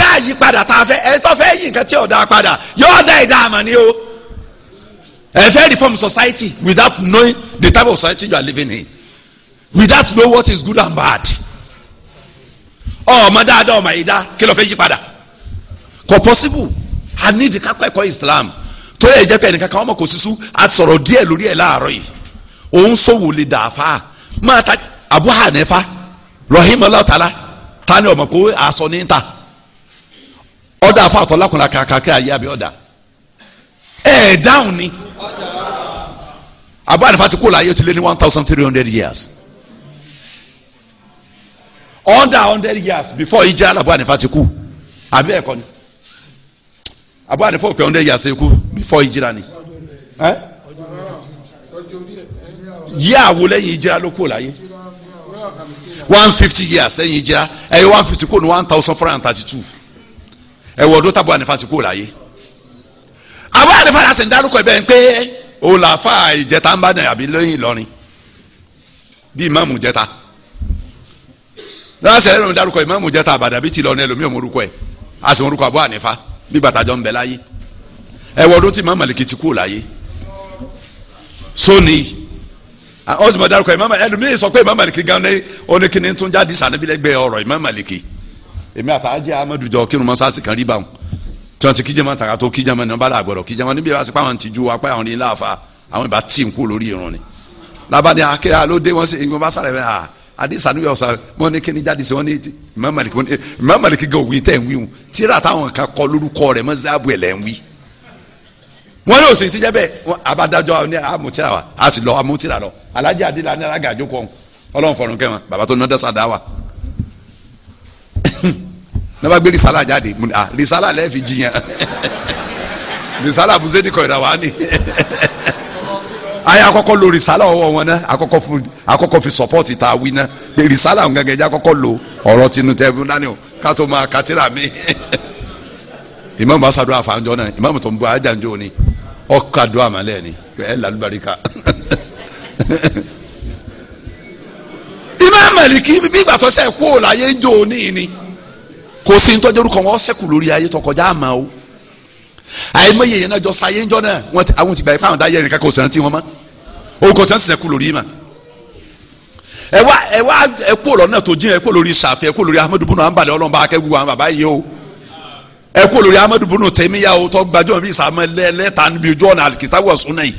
ká àyípadà tá a fẹ́ ẹ tó fẹ́ yí nǹkan tí ọ̀dà padà yóò dá ẹ̀dá àmọ́ ni o ẹ fẹ́ reform society without knowing the type of society you are living in without know what is good and bad ọmọ dáadáa ọmọ yìí dá kí ló fẹ́ yí padà kò possible i need kákọ́ ẹ̀kọ́ islam tó yẹ jẹ́ pé ẹnìkan kan ọmọ kò sísú àti sọ̀rọ̀ díẹ̀ lórí ẹ̀ láàárọ̀ yìí òun sòwò lè dà fa máa ta Abu Hanifa rahim Allah ta'ala ọmọ kó aṣọ ní ta ọ̀dà afáàtọ̀ lákùnrin kàkàkiri ayé àbí ọ̀dà ẹ̀ dáhùn ni àbúrò àdìfà ti kó láyé ti lé ní one thousand three hundred years under hundred years before ìjà abu àdìfà ti kú àbí ẹ̀kọ́ ni àbúrò àdìfà òpè hundred years ẹ̀ kú before ìjìrà ni eh? yí àwo lẹ́yìn ìjìrà ló kó láyé one fifty years lẹ́yìn ìjìrà ẹ̀yẹ one fifty kó ní one thousand four hundred and thirty two ẹ wọ ọdún tábọ̀ ànífà ti kú láyé àbọ̀ ànífà yà sì ń dárúkọ ẹ bẹ́ẹ̀ pé òun làáfà ìjẹta ń bá dàn àbí lóyìn Ìlọrin bí ìmáàmù jẹta lọ́sẹ̀ ẹ̀rọ ń dárúkọ ìmáàmù jẹta àbàdà bí ti lọ́rin ẹlòmíì òun orúkọ ẹ̀ a sì ń orúkọ àbọ̀ ànífà bí gbàtàjọ ń bẹ láyé ẹ wọ ọdún tí ìmáàmù Málíkì ti kú láyé sóni ọ̀sùn mọ̀ dárúkọ ìmáàmù ẹlòmíì sọ pé ìmáàmù gan-an ó ní kíni tún jáde sànẹ́bílẹ́gbẹ́ ọ̀rọ̀ ìmáàmù èmi àtàjẹ amadu jọ kírun mọ́sáàsì kan rí báwọn tí wọ́n ti kíjàmọ́ tàkà tó kíjàmọ́ ní wọ́n bá dà gbọ́dọ̀ kíjàmọ́ níbi ìbá sí pàwọn ti ju apá àwọn ní láàfa àwọn ìbá tí ń kú lórí irun ni labani akéré alóde wọn sì ń wọn bá sàrẹ̀ bẹ́ẹ̀ ah adisa nu yọ sa wọn ní kíni jáde sí wọn ní Imam gan òwe tẹ̀ ń wí tíra táwọn kan kọ lórúkọ rẹ̀ mọ́ záàbù ẹ̀ lẹ́ ń wí wọn yóò sì ń bẹ́ẹ̀ abadajọ́ ní amutira wa a sì lọ amutira lọ alájà adé la ní alága àjọkọ̀ ọlọ́run fọ̀rùn kẹ́ wọn bàbá tó ná dẹ́sà dá wa náà bá gbé risala jáde mo ní à ah, risala lẹ́ẹ̀ fi jiyàn risala abuseni kọ ìdáwà ni ayé àkọ́kọ́ lo risala ọwọ́ wọn náà àkọ́kọ́ fún àkọ́kọ́ fi support ta wí náà pé risala òun gẹ́gẹ́ jẹ́ àkọ́kọ́ lo ọ̀rọ̀ tinú tẹ́ẹ̀bù dání o kátó máa kátìrà mi ìmáàmù asadu àfàǹjọ náà ìmáàmù tó ń bọ ajanjo ni ọkà do àmàlẹ́ ni ẹ làlùbáríkà ìmáàmù Málíkì bí gbàtọ́ sẹ́ kú ò láyé ń jò ní ni kò sí ní tọ́jú orúkọ wọn ṣẹ́kù lórí ayé tọkọjá àmà o àìmọye yẹn náà jọ sáyé ńjọ náà wọn ti àwọn ti gbà yìí fáwọn dáyẹ nìkan kò sàn tí wọn mọ orúkọ tí wọn sì ṣẹ́kù lórí mà ẹ wá ẹ wá ẹ kú ọ̀rọ̀ náà tó jìn ẹ kú lórí Ṣàfi ẹ kú lórí Ahmadu bunu anbalẹ̀ ọlọ́mọba akẹ́gbẹ́ wọn bàbá yìí o ẹ kú lórí Ahmadu bunu tẹ̀míyà o tọ́ gbajúmọ̀ bíi sàmọ́ lẹ́ẹ̀lẹ́ta níbi ojú ọ̀nà àlìkìtàwọ̀ sùnà yìí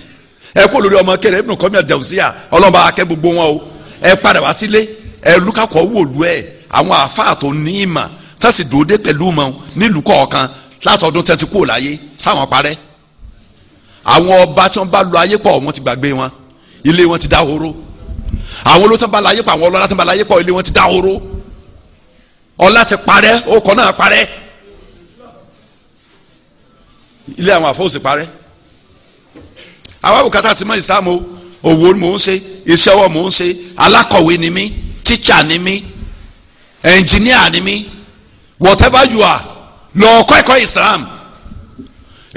ẹ kú lórí ọmọ kẹrẹ Ibn Qayyim al-Jawziyya ọlọ́mọba akẹ́gbẹ́ gbogbo wọn o ẹ padà wá sílé ẹ lukakọ̀ wòlú ẹ àwọn àfáà tó ní ìmọ̀ tẹ́sí dúró dé pẹ̀lú mọ́ nílùú kọ̀ọ̀kan látọdún tẹ́tí kúrò láyé sáwọn parẹ́ àwọn ọba tí wọ́n bá lọ ayé pọ̀ wọ́n ti gbàgbé wọn ilé wọn ti dá horo àwọn olóòótọ́ bá láyé pọ̀ àwọn ọlọ́lá tó bá láyé pọ̀ ilé wọn ti dá horo ọlá ti parẹ́ okọ̀ náà parẹ́ ilé àwọn àfọwọ́sì parẹ́ àwọn àbùkátà sí mọ́ ìsáàmù òwò mò ń ṣe iṣẹ́ ọwọ́ mò ń ṣe alákọ̀wé ni mí tíṣà ni mí ẹnjìníà ni mí whatever you are lọ kọ́ ẹ̀kọ́ Islam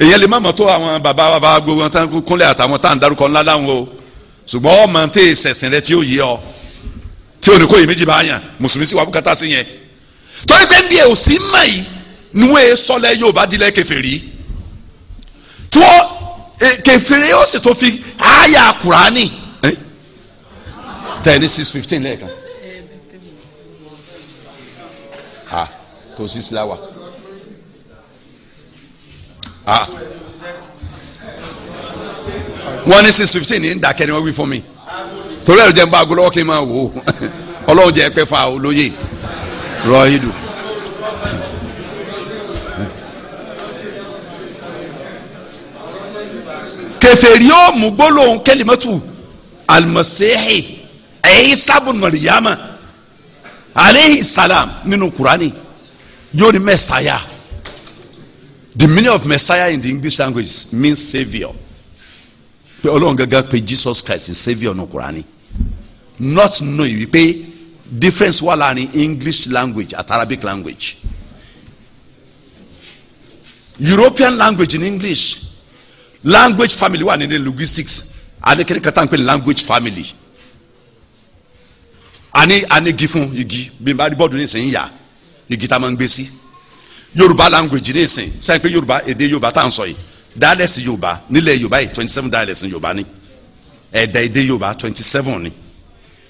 èyàn lè má mọ̀ tó àwọn bàbá bàbá gbogbo wọn tán kúnlẹ̀ àtàwọn tá à ń darúkọ ńlá láwọn o ṣùgbọ́n ọmọ tẹ ìsẹ̀sìn rẹ tí ó yẹ ọ tí o ní kó yìí méjì bá yàn mùsùlùmí sì wà bùkátà sí yẹn torí pé bí èsì mọ̀ yìí ni wọ́n yóò bá dilẹ̀ kèfèrí tí wọ́n e, kèfèrí ó sì tó fi àyà kùránì tẹ̀ six fifteen lẹ́ẹ̀kan. Eh, to six lawa ah wọ́n ní six fifteen ní dàkẹ́ ni wọ́n wí fún mi torí ẹ̀rọ jẹ́ n bá agolo ọkẹ́ máa wò ó ọlọ́run jẹ́ pẹ́ fa olóye rọ́ọ̀yìdù. kèfèrí yóò mú gbólóhùn kẹlímọ́tù alimọ̀sẹ́hì ẹ̀yìn sábùn aleyhi salam nínú kurani yóò ní messiah the meaning of messiah in the english language means saviour pé ọlọ́run gángan pé jesus christ is saviour nù kurani. not know you pé difference wà láàrin english language àti arabic language european language in english language family wà nínú linguistics alekere kata n pè language family ani ani gi fún igi bí n bá rí bọ́ọ̀dù igi tá a máa ń gbé sí yorùbá language ní ìsìn sẹ́yìn pé yorùbá èdè yorùbá tá à ń sọ yìí dialects yorùbá nílẹ̀ yorùbá yìí twenty seven dialects ní yorùbá ni ẹ̀dà èdè yorùbá twenty seven ni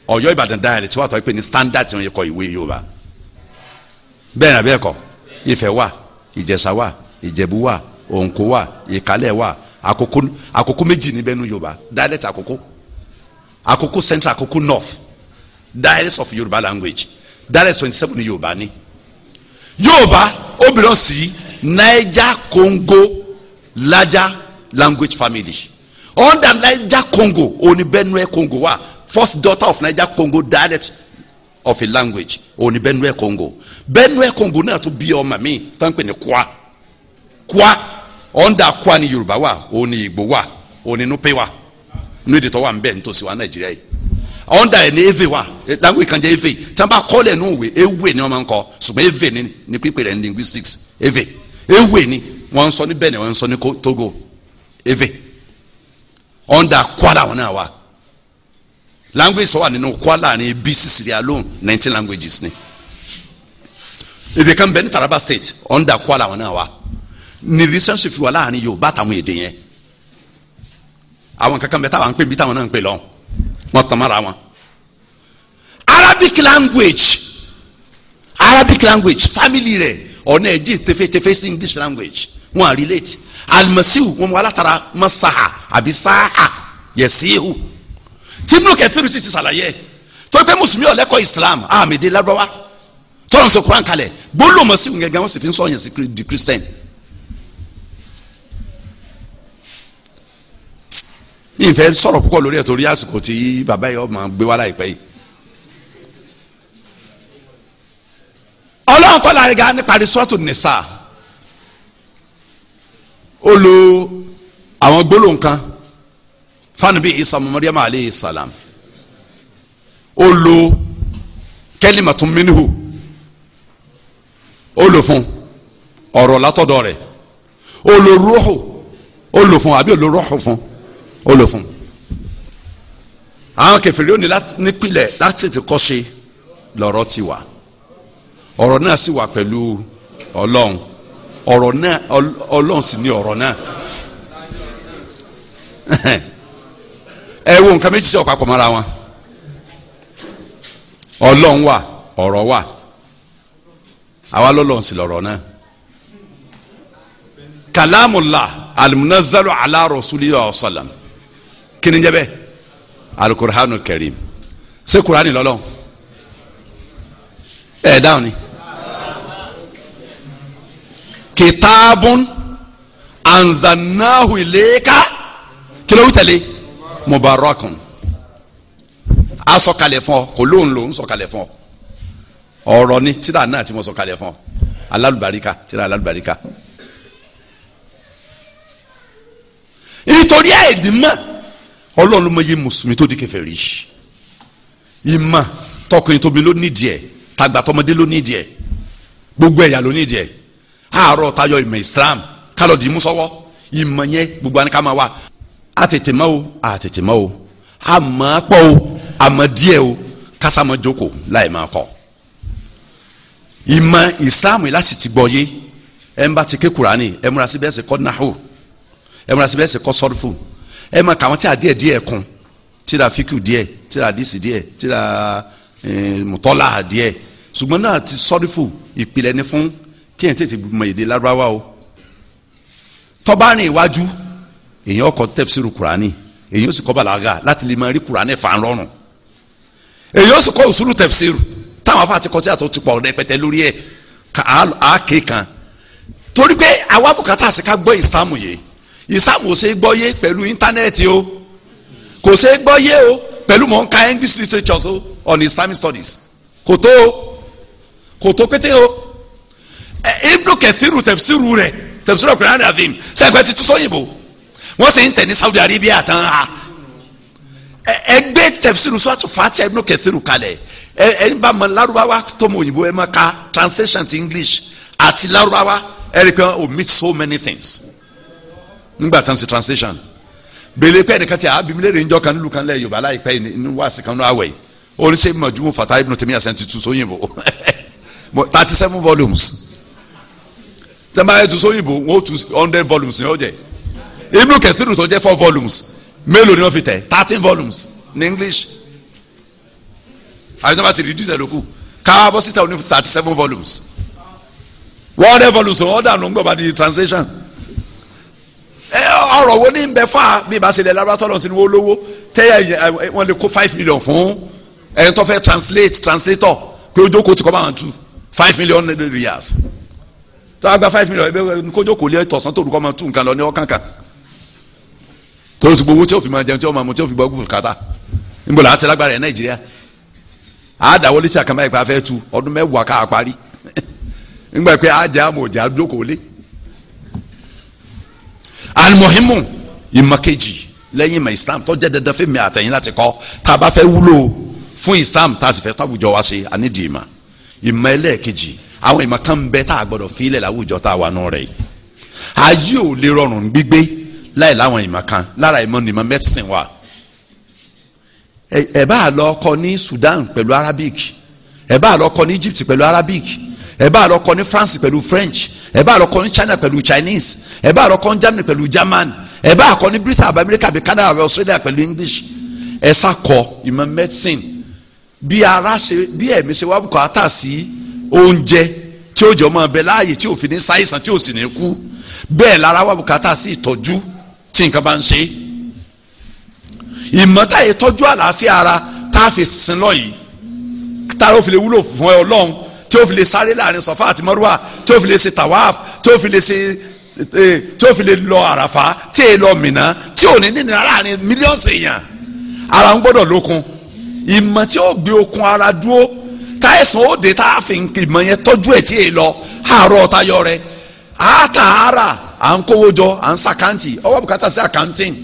ọ̀yọ́ ìbàdàn dialect wà tó pé ní standard tí wọ́n yẹ kọ ìwé yorùbá bẹ́ẹ̀ ni àbí ẹ̀kọ́ ifẹ̀ wà ìjẹ̀ṣà wà ìjẹ̀bú wà òǹkó wà ìkálẹ̀ wà àkókò àkókò méjì níbẹ̀ ní yorùbá dialect àkókò àkókò central àkókò north dialects of yorùbá language dialects twenty seven ní yorùbá ni yorùbá ó belong sí niger congo larger language family under niger congo òní benue congo wa first daughter of niger congo dialect of a language òní benue congo benue congo náà tún bí ọmọ mi tán pè ní kwa kwa under kwa ni yorùbá wa Oni Igbo wa Oni nupe wa nínú èdè tó wà ń bẹ̀ nítòsí wa nàìjíríà yìí ọ̀ndà ẹ̀ ní eve wa eh, language kan jẹ́ eve tí wọ́n bá kọ́ lẹ̀ nù ewe ni wọ́n máa ń kọ́ ṣùgbọ́n ni linguistics eve ewe ni wọ́n ń sọ ní Benin wọ́n ń sọ ní Togo eve ọ̀ndà Kwara wọn náà wa. language sọ wà nínú Kwara ní bí sisiri alone nineteen languages ni èdè kan bẹ ní Taraba state ọ̀ndà Kwara wọn náà wà ní relationship wà láàrin Yorùbá àtàwọn èdè yẹn àwọn kankan bẹ táwọn ń pè mí táwọn náà ń pè lọ́wọ́ wọ́n tàn mọ́ra wọn. arabic language arabic language family rẹ̀ ọ̀nà ẹ̀jì tẹfẹ́tẹfẹ́ sí english language wọn à relate alimasiu wọn wọ alátara masaha àbí saha yẹsihu tìmúlò kẹfìrì sì ti sàlàyé torí pé mùsùlùmí ọ̀lẹ́kọ̀ọ́ islam àmì ìdè lárúbáwá tọ́lọ̀ ń sọ gẹ́gẹ́ wọn sì fi ń sọ ọ̀yàn sí di christian ní ìfẹ́ sọ̀rọ̀ púpọ̀ lórí ẹ̀ torí àsìkò tí bàbá yìí ọmọ gbé wá láìpẹ́ yìí. ọlọ́run tọ́lá rẹ̀ ga nípa resọ́ọ̀tù nìsa ó lo àwọn gbólóhùn kan fanabi isa mọ́mọ́ríyàmá aleyhi salam ó lo kẹ́límàtún mínú ó lò fún ọ̀rọ̀ látọ̀dọ̀ rẹ̀ ó lo rúhù ó lò fún àbí ó lo rúhù fún ó lò fún un àwọn kẹfìrí ó ní nípìnlẹ̀ láti ti kọ́ ṣe lọ́rọ̀ ti wà ọ̀rọ̀ náà sì wà pẹ̀lú ọlọ́run ọ̀rọ̀ náà ọlọ́run sì ní ọ̀rọ̀ náà ẹ wo nǹkan méjì sí ọ̀pápọ̀ mọ́ra wọn ọlọ́run wà ọ̀rọ̀ wà àwa lọ́lọ́run sì lọ́rọ̀ náà kalamula alimunazalu ala rasuliya wa salam. Kini jẹ́ bẹ́ẹ̀ alukurahanu karim ṣé kurani lọ́lọ́ ẹ̀ dáhùn ni kitaabun anzanahu ileeka kilo wutale mubarakun a sọ̀kalẹ̀ fún ọ kò lóun lòun sọ̀kalẹ̀ fún ọ ọ̀rọ̀ ni tírà náà mo sọ̀kalẹ̀ fún alalubarika tírà alalubarika nítorí àìdìmọ ọlọ́run ló mọ iye mùsùlùmí tó di kèfèrí ìmọ̀ tọkùnrin tóbi ló nídìí ẹ̀ tàgbà tọmọdé ló nídìí ẹ̀ gbogbo ẹ̀yà ló nídìí ẹ̀ àárọ̀ tayọ ìmọ̀ Islam kálọ̀ dì í mú sọ́wọ́ ìmọ̀ yẹn gbogbo àni ká máa wà á tètè mọ́ o á tètè mọ́ o á mọ̀ pọ̀ o á mọ̀ díẹ̀ o kásá mọ̀ jókòó láì máa kọ́ ìmọ̀ Islam yìí láti ti gbọ́ yé ẹ̀ ń bá ti ké Kùránì ẹ̀ múra síbẹ̀ ẹ̀ kọ́ nahu ẹ̀ múra síbẹ̀ ẹ̀ kọ́ sọ́rfù ẹ máa kà wọ́n tí a díẹ̀ díẹ̀ kún tí ra fíkù díẹ̀ tí ra dísì díẹ̀ tí ra mùtọ́là díẹ̀ ṣùgbọ́n náà ti sọ́rífù ìpìlẹ̀ ni fún kí èèyàn tètè mọ èdè lárúbáwá o tọ́ba rìn iwájú èèyàn ọkọ̀ tẹ̀fsíìrù kùránì èèyàn sì kọ́ bàlágà láti lè máa rí kùránì fà ń rọrùn èèyàn sì kọ́ òṣùlù tẹ̀fsíìrù táwọn afa àti kọtí àtọ́ ti pọ̀ rẹpẹtẹ lórí ẹ̀ àáké kan torí pé àwa bùkátà sí ká gbọ́ ìsìlámù yìí ìsáàmù ò ṣe gbọ́yé pẹ̀lú íńtánẹ́ẹ̀tì o kò ṣe gbọ́yé o pẹ̀lú mò ń ka English literature so on Islamic studies kò tó o kò tó pété o Ibnu Kathiru tẹ̀fisiru rẹ̀ tẹ̀fisiru rẹ̀ kùnrin àdàbìm sẹ́gbẹ́ ti tún sọ́yìnbó wọ́n sì ń tẹ̀ ní Saudi Arabia tán ha ẹgbẹ́ tẹ̀fisiru sọ́tù fàtí Ibnu Kathiru kalẹ̀ ẹni bá mọ Lárúbáwá tó òyìnbó ẹ máa ka translation ti English àti Lárúbáwá ẹ rí i pé o meet so many things nígbà tán sí translation bèlè pé ẹnìkan tí a bí mi lè rìn jọ kan nílùú kan lẹ yorùbá láìpẹ́ yìí ní wá sí kan ní awẹ oníṣẹ́ mọ̀júmọ́ fata ibùdó tèmi àṣẹǹtì tù sóyìnbó thirty seven volumes tẹ́lẹ̀ ayé tù sóyìnbó wọ́n tù hundred volumes ní ọjẹ́ ibùdó kẹsìrì tó jẹ́ four volumes mélòó ni wọ́n fi tẹ̀ thirteen volumes ní English àyẹ̀tọ́ bá ti rí dísẹ̀ lókù káàbọ̀ síta oní thirty seven volumes one hundred volumes ọ̀ọ́dà ló ń gbọ́ bá di translation ọ̀rọ̀ wo ní bẹ fà bí ibà ṣẹlẹ̀ labatọ́lọ̀ tí wọ́n lówó tẹ́yà wọ́n lè kó five million fún ẹni tó fẹ́ translate translator pé ó ti kọ́ máa tu five million riyals tó a gba five million ẹgbẹ́ kó jókòó lé tọ̀sán tó olùkọ́ máa tu nǹkan lọ ní ọ̀kànkàn tó o ti gbowó tí o fi máa jẹun tí o máa mu tí o fi gbọ́ gbùgbù kàtà níbo la ti lágbára ẹ̀ Nàìjíríà àádáwọlé tí àkànbá ìpàfẹ́ tu ọdún mẹ́wàá káà parí nígbà pé àjẹ́ àmọ̀ òjá jókòó alimohimu ìmọ̀kejì lẹ́yìn ìmọ̀ islam tó jẹ́ dandan fún mi àtẹ̀yìn láti kọ́ tá a bá fún islam tá a sì fẹ́ táwùjọ wa ṣe ànídìí ìmọ̀ ìmọ̀ ẹlẹ́ẹ̀kejì àwọn ìmọ̀ kan bẹ tá a gbọ́dọ̀ fi ilẹ̀ láwùjọ tá a wà nù rẹ̀ yìí ayé ò lè rọrùn gbígbé láì láwọn ìmọ̀ lára ìmọ̀ ni ìmọ̀ medicine wà ẹ bá lọ kọ́ ní Sudan pẹ̀lú Arabic ẹ bá lọ kọ́ ní Egypt pẹ̀lú Arabic ẹ bá lọ kọ́ ní France pẹ̀lú French ẹ bá lọ kọ́ ní China pẹ̀lú Chinese ẹ bá àrọ kọ́ Germany pẹ̀lú German ẹ bá àkọ́ ní Britain àbá America àbí Canada àbí Australia pẹ̀lú English ẹ sàkọ́ ìmọ̀ medicine bí ara ṣe bí ẹ̀mí ṣe wá bùkọ́ àtà sí oúnjẹ tí ó jọ mọ́ ọbẹ̀ láàyè tí ò fi ní ṣàìsàn tí ò sì ní kú bẹ́ẹ̀ lára wá bùkọ́ àtà sí ìtọ́jú tí nǹkan bá ń ṣe ìmọ̀tá ìtọ́jú àlàáfíà ara tá a fi sin lọ yìí tá a fi lè wúlò fún ẹ Ọlọ́run tí ó fi lè sáré láàrin sọfá àti mọ́rúwà tí ó fi lè ṣe tàwáàf tí ó fi lè ṣe Eh, tí ó fi lè lọ àràfà tí è lọ mìíràn tí ò ní nínú láàrin mílíọ̀nù èèyàn ara ń gbọ́dọ̀ lókun ìmọ̀ tí ó gbé okun ara dúró táyẹ̀sán ó dé tá a fi ìmọ̀ yẹn tọ́jú ẹ̀ tí è lọ àárọ̀ tayọ rẹ̀ àtàárà à ń kówó jọ à ń sàkáǹtì ọwọ́ bùkátà sí àkáǹtìn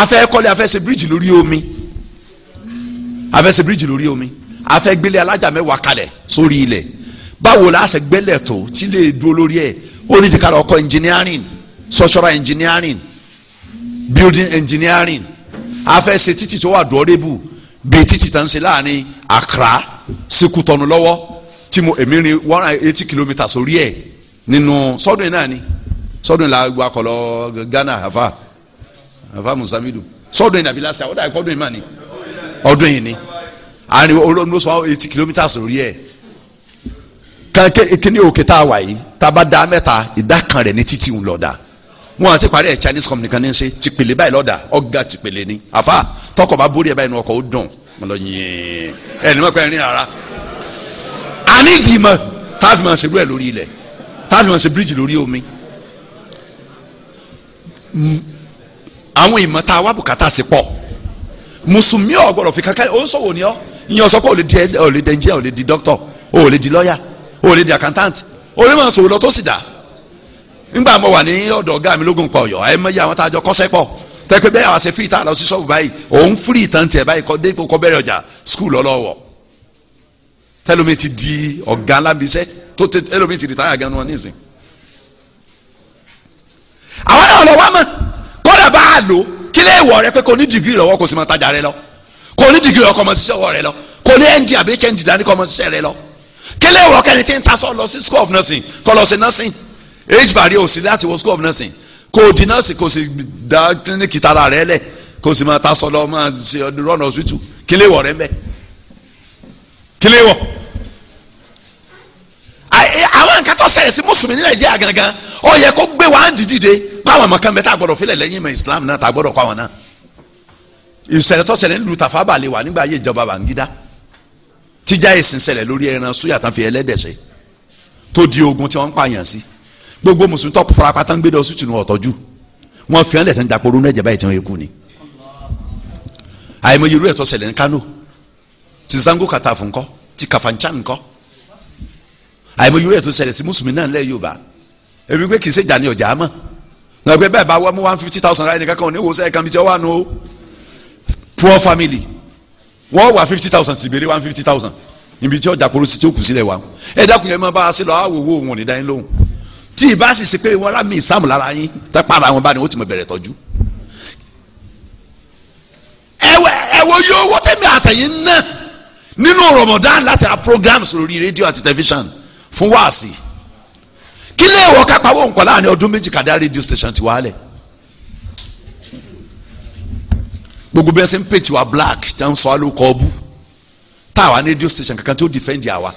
afẹ́ kọ́lé afẹ́ ṣe bíríìjì lórí omi afẹ́ ṣe bíríìjì lórí omi afẹ́ gbélé alájà mẹ́wàá kalẹ̀ sórí ilẹ̀ báwo la ṣe gbélé tó tí lè dúró lórí ẹ̀ ó ní ọkọ engineering social engineering building engineering afẹ́sẹ̀ títì tó wà dọ́rẹ́bù bíi títì tó ń ṣe láàrin Accra sí Kútọ́nù lọ́wọ́ tí mo èmi rin one hundred eighty kilometres orí ẹ̀ nínú sọ́dún náà ni sọ́dún la gba kọ̀lọ́ Ghana afa afa musamidu sọ́dún yìí nàbí lásìkò àwọn dàgbà ọdún yìí mà ní ọdún yìí ni àárín olóńgbò sọ eighty kilometres orí ẹ̀ kankan kíní òkè tá a wà yìí taba da mẹ́ta ìdá kan rẹ̀ ní títí ń wọn àti parí ẹ̀ Chinese company kan ní ṣe tìpele báyìí lọ́dà ọ̀gá tìpele ni àfa tọkọ̀ bá borí ẹ̀ báyìí nu ọkọ̀ ó dùn mo lọ yẹn ẹ̀ ní mọ̀ pé ẹ̀ ní ara àníjì mọ̀ táàfì máa ṣe búrẹ́ lórí ilẹ̀ táàfì máa ṣe bíríìjì lórí omi àwọn ìmọ̀ tá a wá bùkátà sí pọ̀ mùsùlùmí ò fi kankan ó ń sọ̀wọ́ ni ọ́ ìyẹn ọ̀sọ́ kó o lè di dókítà o lè di lọ́ọ̀yà o lè di accountant orí máa sòwò lọ tó sì dà nígbà mo wà ní ọ̀dọ̀ ọ̀gá mi lógun pa ọ̀yọ́ ẹ mọ̀ àwọn tá a jọ kọ́sẹ́ pọ̀ tẹ́pẹ́ bẹ́ẹ̀ àwọn àṣefì tá a lọ sí ṣọ́ọ̀bù báyìí òun fúri ìtàn tiẹ̀ báyìí kọ́ dépò kọ́ bẹ̀rẹ̀ ọjà skul ọlọ́wọ̀ tẹ́lómi ti di ọ̀gá alábìíṣẹ́ tó tẹ tẹ́lómi ti rìtáyà gan wọn nísìn. àwọn náà lọ wá mọ̀ kọ́dà bá a lò kí lè wọ̀ rẹ pé kò ní dìgírì lọ́wọ́ kò sì máa tajà rẹ lọ kò ní dìgírì ọkọ̀ mọ̀ síṣẹ́ ọwọ́ rẹ lọ kò ní ẹ́ńdì àbí hnd dání kọ́ mọ̀ kílẹ̀ ìwọ kẹ́ni tí ń tasọ̀ lọ sí school of nursing kọ́ lọ sí nursing age barrier ò sí láti wọ school of nursing kò di nọ́ọ̀sì kò sì dá kílíníkì tara rẹ̀ lẹ̀ kò sì máa tasọ̀ lọ máa ṣe run hospital kílẹ̀ ìwọ rẹ̀ ń bẹ̀ kílẹ̀ ìwọ. E, àwọn nǹkan tó ṣẹlẹ̀ sí mùsùlùmí ní nàìjíríà gangan ó yẹ kó gbé wa ń dìde báwọn ọmọ kan bẹ tá a gbọdọ̀ filẹ̀ lẹ́yìn ìmọ̀ ìsìlámù náà tá a gbọdọ̀ kọ́ àwọn náà ìṣẹ̀lẹ̀ tó ṣẹlẹ̀ nílùú Tàfà Balewa nígbà ayé ìjọba Bàǹgídá tíjà ìsìn ṣẹlẹ̀ lórí ẹran súyà tán fi ẹlẹ́dẹ̀ ṣe tó di ogun tí wọ́n ń pààyàn sí gbogbo mùsùlùmí tó farapa tán gbé lọ sí tìǹbù ọ̀tọ́jú wọ́n fi hàn lẹ́tẹ̀ ń dapò ronú ẹ̀jẹ̀ báyìí tí wọ́n kú ni. àìmọye irú ẹ̀ tó ṣẹlẹ̀ ní Kano ti Zango Katafu ńkọ́ ti Kafanchan ńkọ́ àìmọye irú ẹ̀ tó ṣẹlẹ̀ sí mùsùlùmí náà lẹ́ Yorùbá èmi pé kì í ṣe jà ní ọjà àmọ́ nàgbẹ́ bẹ́ẹ̀ bá wọ́n mú one fifty thousand naira nìkan kan ò ní wòó sẹ́yìn kan bí tí wọ́n wà nù poor family wọ́n wà fifty thousand sì béèrè one fifty thousand níbi tí ọjà polisi tí ó kù sílẹ̀ wa ẹ dákun yẹn máa bá a ṣe lọ àwò owó wọn ní dáhìn lóhùn tí ì bá sì ṣe pé wọn rà mí ìsàmù lára yín tẹ para wọn bá ní wọn ti mọ bẹ̀rẹ̀ tọ́jú. ẹwẹ ẹwọ yóò wọ tẹmí àtẹyìn náà nínú Ramadan láti ra programs lórí rédíò àti tẹlifíṣàn fún wáàsì kí lè wọ kápá wọn kọ láàrin ọdún méjì kàdá rédíò station ti wálẹ̀ gbogbo bí wọn ṣe ń pè tiwa black tí wọn sọ alókọ ọbú táwa ní radio station kankan tí ó defend àwa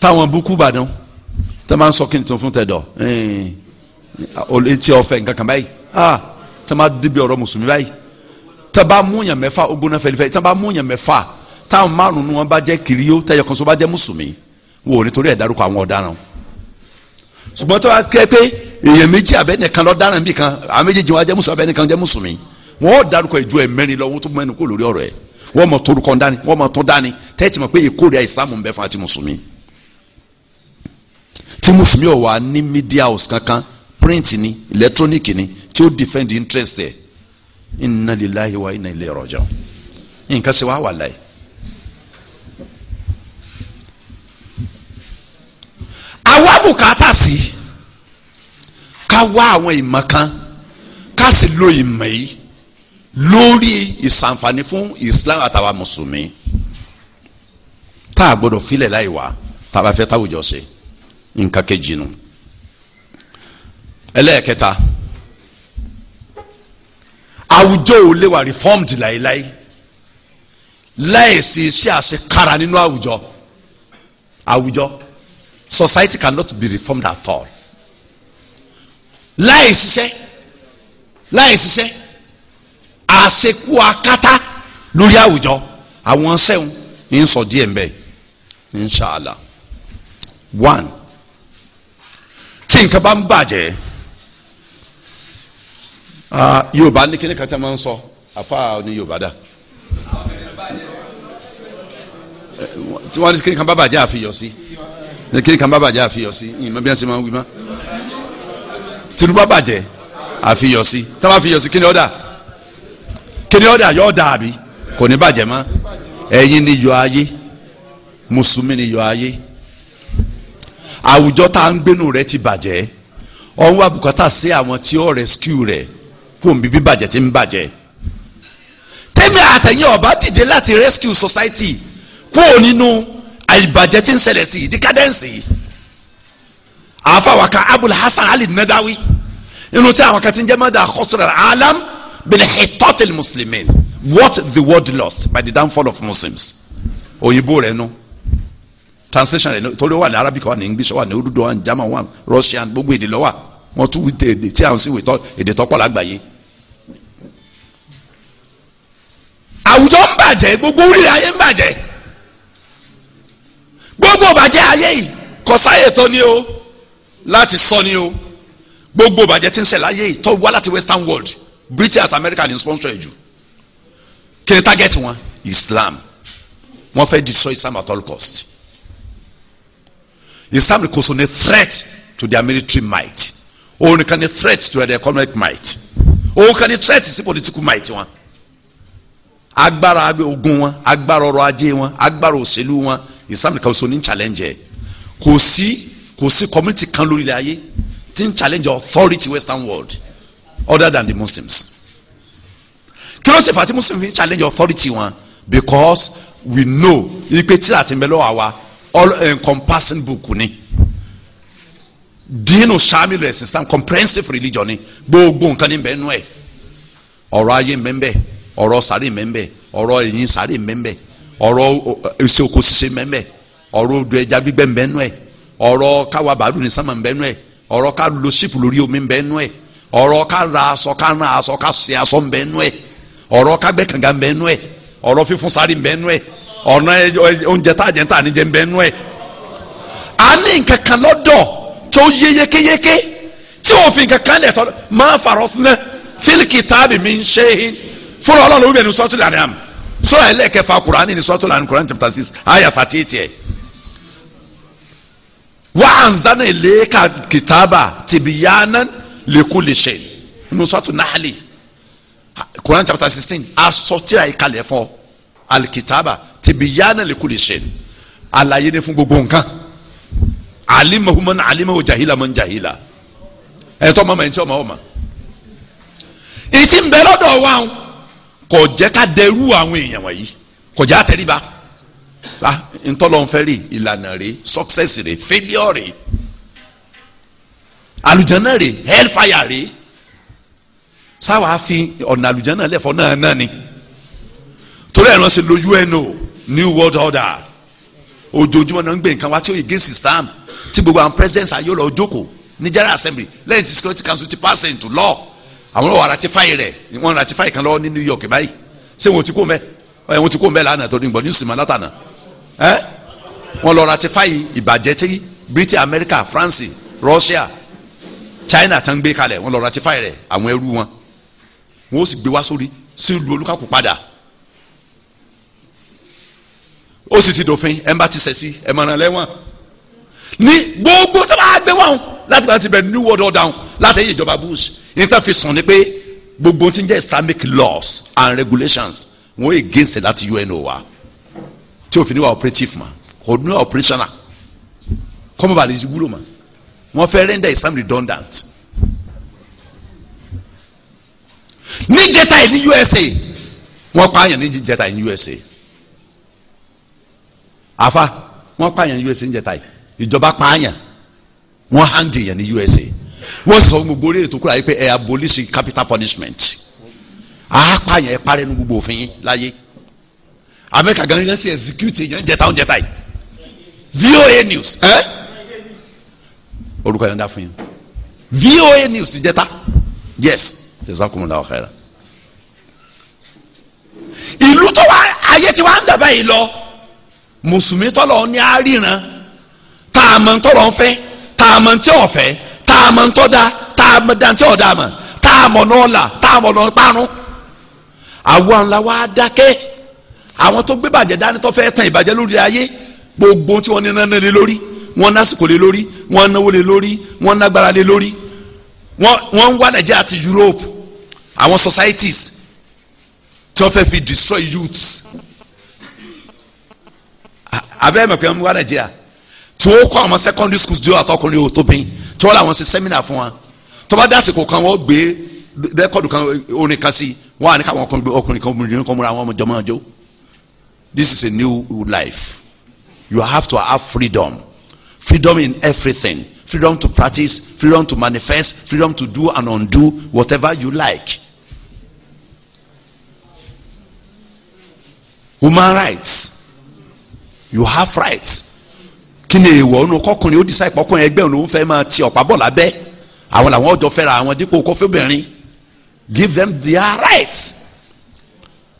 táwọn búkú ìbàdàn tí wọn máa ń sọ kí n tún fún tẹdọ etí ọfẹ nǹkan kan báyìí ah, tí wọn máa débi ọ̀rọ̀ mùsùlùmí báyìí tí wọn bá mú yàn mẹ́fà ogbóná fẹlifẹ tí wọn bá mú yàn mẹ́fà táwọn márùnún wọn bá jẹ kiriyó tẹyọ kan so bá jẹ mùsùlùmí wò ó nítorí ẹ dárúkọ àwọn ọ̀daràn ṣùgbọ́n tí wọn kẹ́ pé èèyàn méjì abẹ́nìkan lọ dáràn bí kan àwọn méjèèjì wọn jẹ́ mùsùlùmí abẹ́nìkan jẹ́ mùsùlùmí wọn ò dárúkọ ìjọ ẹ̀mẹ́rin lọ wọn tó mẹ́nu kó lórí ọ̀rọ̀ ẹ̀ wọn mọ̀ torúkọ dání wọn mọ̀ tó dání tẹ́tí mọ̀ pé ìkórè ìsàmù ń bẹ fún àti mùsùlùmí tí mùsùlùmí ò wá ní media house kankan print ni electronic ni tí ó defend interest ẹ̀ inna lillahi wa inna ilaihi raji'un nǹkan ṣe wá wà láì. àwa bùkátà sí i ká wá àwọn ìmọ̀ kan ká sì lo ìmọ̀ yìí lórí ìsànfàní fún Islam àtàwọn mùsùlùmí tá a gbọdọ̀ filẹ̀ láì wá tá a bá fẹ́ táwùjọ ṣe nǹkan kejì nu ẹlẹ́ẹ̀kẹta àwùjọ ò lè wà reformed láéláé láìsí iṣẹ́ àṣekára nínú àwùjọ àwùjọ society cannot be reformed at all láì ṣiṣẹ́ láì ṣiṣẹ́ àṣekú akátá lórí àwùjọ àwọn sẹ́wọ̀n ní sọ díẹ̀ ń bẹ̀ inṣàlá one tí nǹkan bá ń bàjẹ́ yorùbá ní kíní kan tí a máa ń sọ àfa ní yorùbá dà tí wọ́n ní kíní kan bá bàjẹ́ àfihàn sí ní kíní kan bá bàjẹ́ àfihàn sí ìyìnbọn bí wọ́n ṣe máa ń wí mọ́ tìlú bá bàjẹ́ àfihàn sí tá bá fihàn sí kí ni ọ̀dà kí ni ọ̀dà àbí kò ní bàjẹ́ mọ́ ẹ̀yin ni yọ ayé mùsùlùmí ni yọ ayé àwùjọ tá à ń gbénu rẹ ti bàjẹ́ ọ̀hún wa bùkátà sí àwọn tí ó rescue rẹ̀ kó n bàjẹ́ ti ń bàjẹ́ tẹ́mi àtẹ̀yìn ọ̀bá dìde láti rescue society kó o nínú àìbàjẹ́ ti ń ṣẹlẹ̀ sí i decadence yìí àfàwàkà abul hasan ali nadawi inú tí àwọn kan ti ń jẹ́ mọ́dà khosra alam bilhitotil muslimin what the world lost by the downfall of muslims òyìnbó rẹ̀ nu translation rẹ̀ nu torí ó wà ní arabic ó wà ní english ó wà ní urdu ó wà ní german ó wà ní russian gbogbo èdè ló wà wọ́n tún wíte èdè tí à ń sìn wìtọ́ èdè tọ́pọ̀ lágbàáyé. àwùjọ ń bàjẹ́ gbogbo orílẹ̀ ayé ń bàjẹ́ gbogbo bàjẹ́ ayé yìí kọ̀sáyè ni o láti sọ ni o gbogbo ìbàjẹ́ tí ń ṣẹ̀ láyé ìtọ́ wá láti western world britain àti america ní sponsor ẹ̀ jù kí ni target wọn islam wọ́n fẹ́ destroy islam at all cost islam kò so ní threat to their military might òun nìkan ní threat to their economic might òun kan ní threat sí political might wọn agbára ogun wọn agbára ọrọ̀ ajé wọn agbára òṣèlú wọn islam nìkan so ní challenge ẹ̀ kò sí. Si kò sí community kan lórí ilẹ̀ ayé tí ń challenge authority western world other than the muslims kí ló ṣe fà tí muslims fi ń challenge authority wọn because we know ipe tí àti mbẹ lọ́wọ́ àwa all encompassing book ni dínú sàmì rẹ̀ sísan comprehensive religion ni gbogbo nǹkan ní bẹ́ẹ̀ nú ẹ̀ ọ̀rọ̀ ayé mbẹ́mbẹ́ ọ̀rọ̀ sàrí mbẹ́mbẹ́ ọ̀rọ̀ ẹ̀yìn sàrí mbẹ́mbẹ́ ọ̀rọ̀ ìṣe eh, oko ṣíṣe mbẹ́mbẹ́ ọ̀rọ̀ odò ẹja gbígbẹ́ mbẹ́nú ẹ̀ ọ̀rọ̀ káwa bàálù ní sánmà ń bẹ nú ẹ̀ ọ̀rọ̀ ká lo ṣípù lórí omi ń bẹ nú ẹ̀ ọ̀rọ̀ ká ra aṣọ ká rán aṣọ ká ṣe aṣọ ń bẹ nú ẹ̀ ọ̀rọ̀ ká gbẹ́ kànga ń bẹ nú ẹ̀ ọ̀rọ̀ fífún sáré ń bẹ nú ẹ̀ ọ̀nà oúnjẹ tá a jẹ tá a níjẹ ń bẹ nú ẹ̀. a ní nǹkan kan lọ́dọ̀ tó yé yékéyéké tí òfin kankan lẹ̀ tọ́ máa fàrọ̀ fúnná fílíkì táàbì mi ń ṣe é fúnra ọlọ́run ló wíwẹ̀ ní sọ́tùlẹ̀ àríyàmù sọ́ra wà á nzánà ilé ka kìtàbà tìbíyànà lẹ́kọ́ lè nahali Quran chapter sixteen asọtira ìkàlẹ̀ fọ alikitaba tìbíyànà lẹ́kọ́ le ṣe àlàyé ni fún gbogbo nǹkan alimahu man alimahu jahila man jahila ẹ̀tọ́ mama ẹ̀ ń tí ọmọ ọmọ ìsìn bẹ́ẹ̀ lọ́dọ̀ wa kò jẹ́ ká dẹrú àwọn èèyàn wọ̀nyí kò jẹ́ àtẹríba ah ntọ́lọ́nfẹ́ rè ìlànà rè success rè failure rè àlùjánnà rè hellfire rè sáwà fi ọ̀nà àlùjánnà lẹ́fọ̀ náà náà ni torí ẹ̀rọ ṣe lo UNO new world order ojoojúmọ́ náà ń gbé nǹkan wá tí ó yege system tí gbogbo àwọn presidents ayé lọ jókòó ní general assembly lẹ́yìn tí security council ti pass into law àwọn ọ̀rọ̀ ratify rẹ̀ wọ́n ratify kan lọ́wọ́ ní New York báyìí ṣé wọn ti kó mẹ́ ẹ̀ wọn ti kó mẹ́ lánàá tó ní gbọ́ ní sùnmọ́ látànà ẹ wọn lọ ratifáyì ìbàjẹ́ tí Britain America France Russia China tán gbé kalẹ̀ wọn lọ ratifáyì rẹ̀ àwọn ẹrú wọn wọn ó sì gbé wá sórí sílùú olúkàkú padà ó sì ti dòfin ẹ bá ti sẹ̀sí ẹ mọ̀ ràn lẹ́wọ̀n ní gbogbo tó bá gbé wọn láti bá ti bẹ̀ new world order láti ẹ̀yìn ìjọba Bush ní tá fi sùn ni pé gbogbo tí ń jẹ́ Islamic laws and regulations wọ́n against ẹ̀ láti UNO wa tí òfin wa operative ma kò ní wa operational kọ́mọ bá lè wúlò ma wọ́n fẹ́ render exam redundant ní jẹta yìí ní USA wọ́n pa àyàn ní jẹta yìí ní USA Afa, wọ́n pa àyàn ní USA ní jẹta yìí ìjọba pa àyàn wọ́n hand èèyàn ní USA wọ́n sọ gbogbo orí ètò kúrò àyè pé ẹ abolish capital punishment àápàyàn ẹ parẹ́ nu gbogbo òfin láyé amẹ́ka gan yẹn sì execute yẹn jẹta oúnjẹ ta yìí VOA news ẹ orúkọ yẹn dá fún yẹn VOA news jẹta yes jazakumullahu khairan ìlú tó wá ayé tí wàá ń dàbá yìí lọ mùsùlùmí tọ́lọ̀ ní àríran tá a mọ̀ tọ́lọ̀ ń fẹ́ tá a mọ̀ tí ò fẹ́ tá a mọ̀ tọ́ da tá a mọ̀ dantí ọ̀dà mọ̀ tá a mọ̀ nọ́ọ̀là tá parun àwọn làwọn adákẹ́ àwọn tó gbé bàjẹ́ dání tó fẹ́ tan ìbàjẹ́ lórí ayé gbogbo tí wọ́n ní nánà lé lórí wọ́n násìkò lé lórí wọ́n náwó lé lórí wọ́n nágbára lé lórí wọ́n ń wá nàìjíríà àti Europe àwọn societies tí wọ́n fẹ́ fi destroy youths abẹ́ mọ̀ pé wọ́n ń wá nàìjíríà tí wọ́n kọ́ àwọn secondary schools di àtọkùnrin ò tóbi tí wọ́n làwọn ṣe seminar fún wa tó bá dásìkò kan wọ́n gbé rẹ́kọ̀dù kan orin kan sí wọ́n á ní káwọn ọkùnrin kan obìnrin kan múra wọn jọmọ́ ọjọ́ this is a new life you have to have freedom freedom in everything freedom to practice freedom to manifest freedom to do and undo whatever you like human rights you have rights kí ni èèwọ̀ ọ̀nà kọkùnrin ó di sáì pọkùnrin ẹgbẹ́ òun fẹ́ máa ti ọ̀pá bọ̀ lábẹ́ àwọn làwọn ọjọ́ fẹ́ra àwọn dípò kọfẹ́bìnrin give them their rights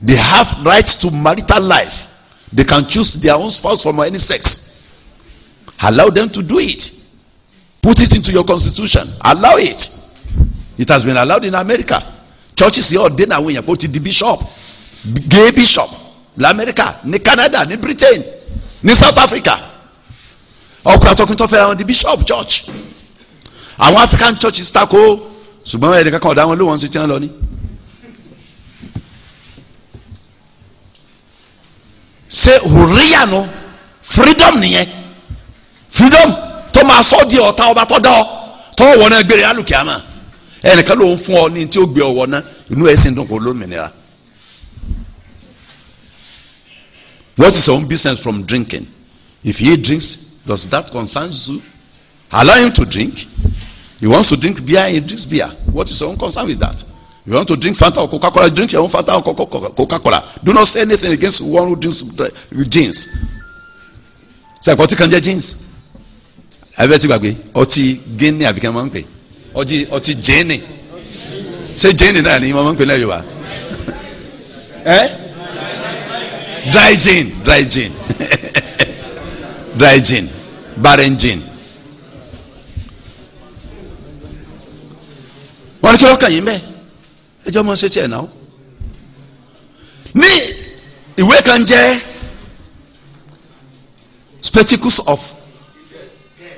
They have rights to marital life. They can choose their own spouse from any sex. Allow them to do it. Put it into your constitution. Allow it. It has been allowed in America. Churches here ordain àwọn èèyàn kó ti di bishop gay bishop America, ní Canada ní Britain ní South Africa ọkùnrin àtọkùnrin tó fẹ́ àwọn di bishop church àwọn African churches tako ṣùgbọ́n ẹnìkan kan ọ̀dà wọn ló wọ́n ń ṣe tí lọ ní. ṣe hùríyà nu freedom nìyẹn freedom tó máa sọ di ọ̀tá ọba tó da ọ tọ́wọ́ wọ náà gbére alùkìámà ẹnìkan ló ń fún ọ ní tí ó gbé ọ wọ náà inú ẹ̀sìn dùn kò lómìnira what is your own business from drinking if he drinks does that concern you allow him to drink he wants to drink beer he drinks beer what is your own concern with that you want to drink Fanta or Coca Cola, drink your own Fanta or Coca Cola. Do not say anything against one who drinks jeans. Ṣé ẹ̀kọ́ tí kan jẹ́ jeans? Abẹ́ ti gbàgbé ọtí gíní àbíkẹ́ máa ń pè ọtí jéènì. Ṣé jéènì náà ni wọ́n máa ń pè ní Yorùbá? Ẹ́ dry gin dry gin dry gin barren gin. Wọ́n ní kí lọ́kàn yín bẹ́ẹ̀ ẹjọ́ mọ ṣe tiẹ̀ náà ní ìwé kan jẹ́ spectacles of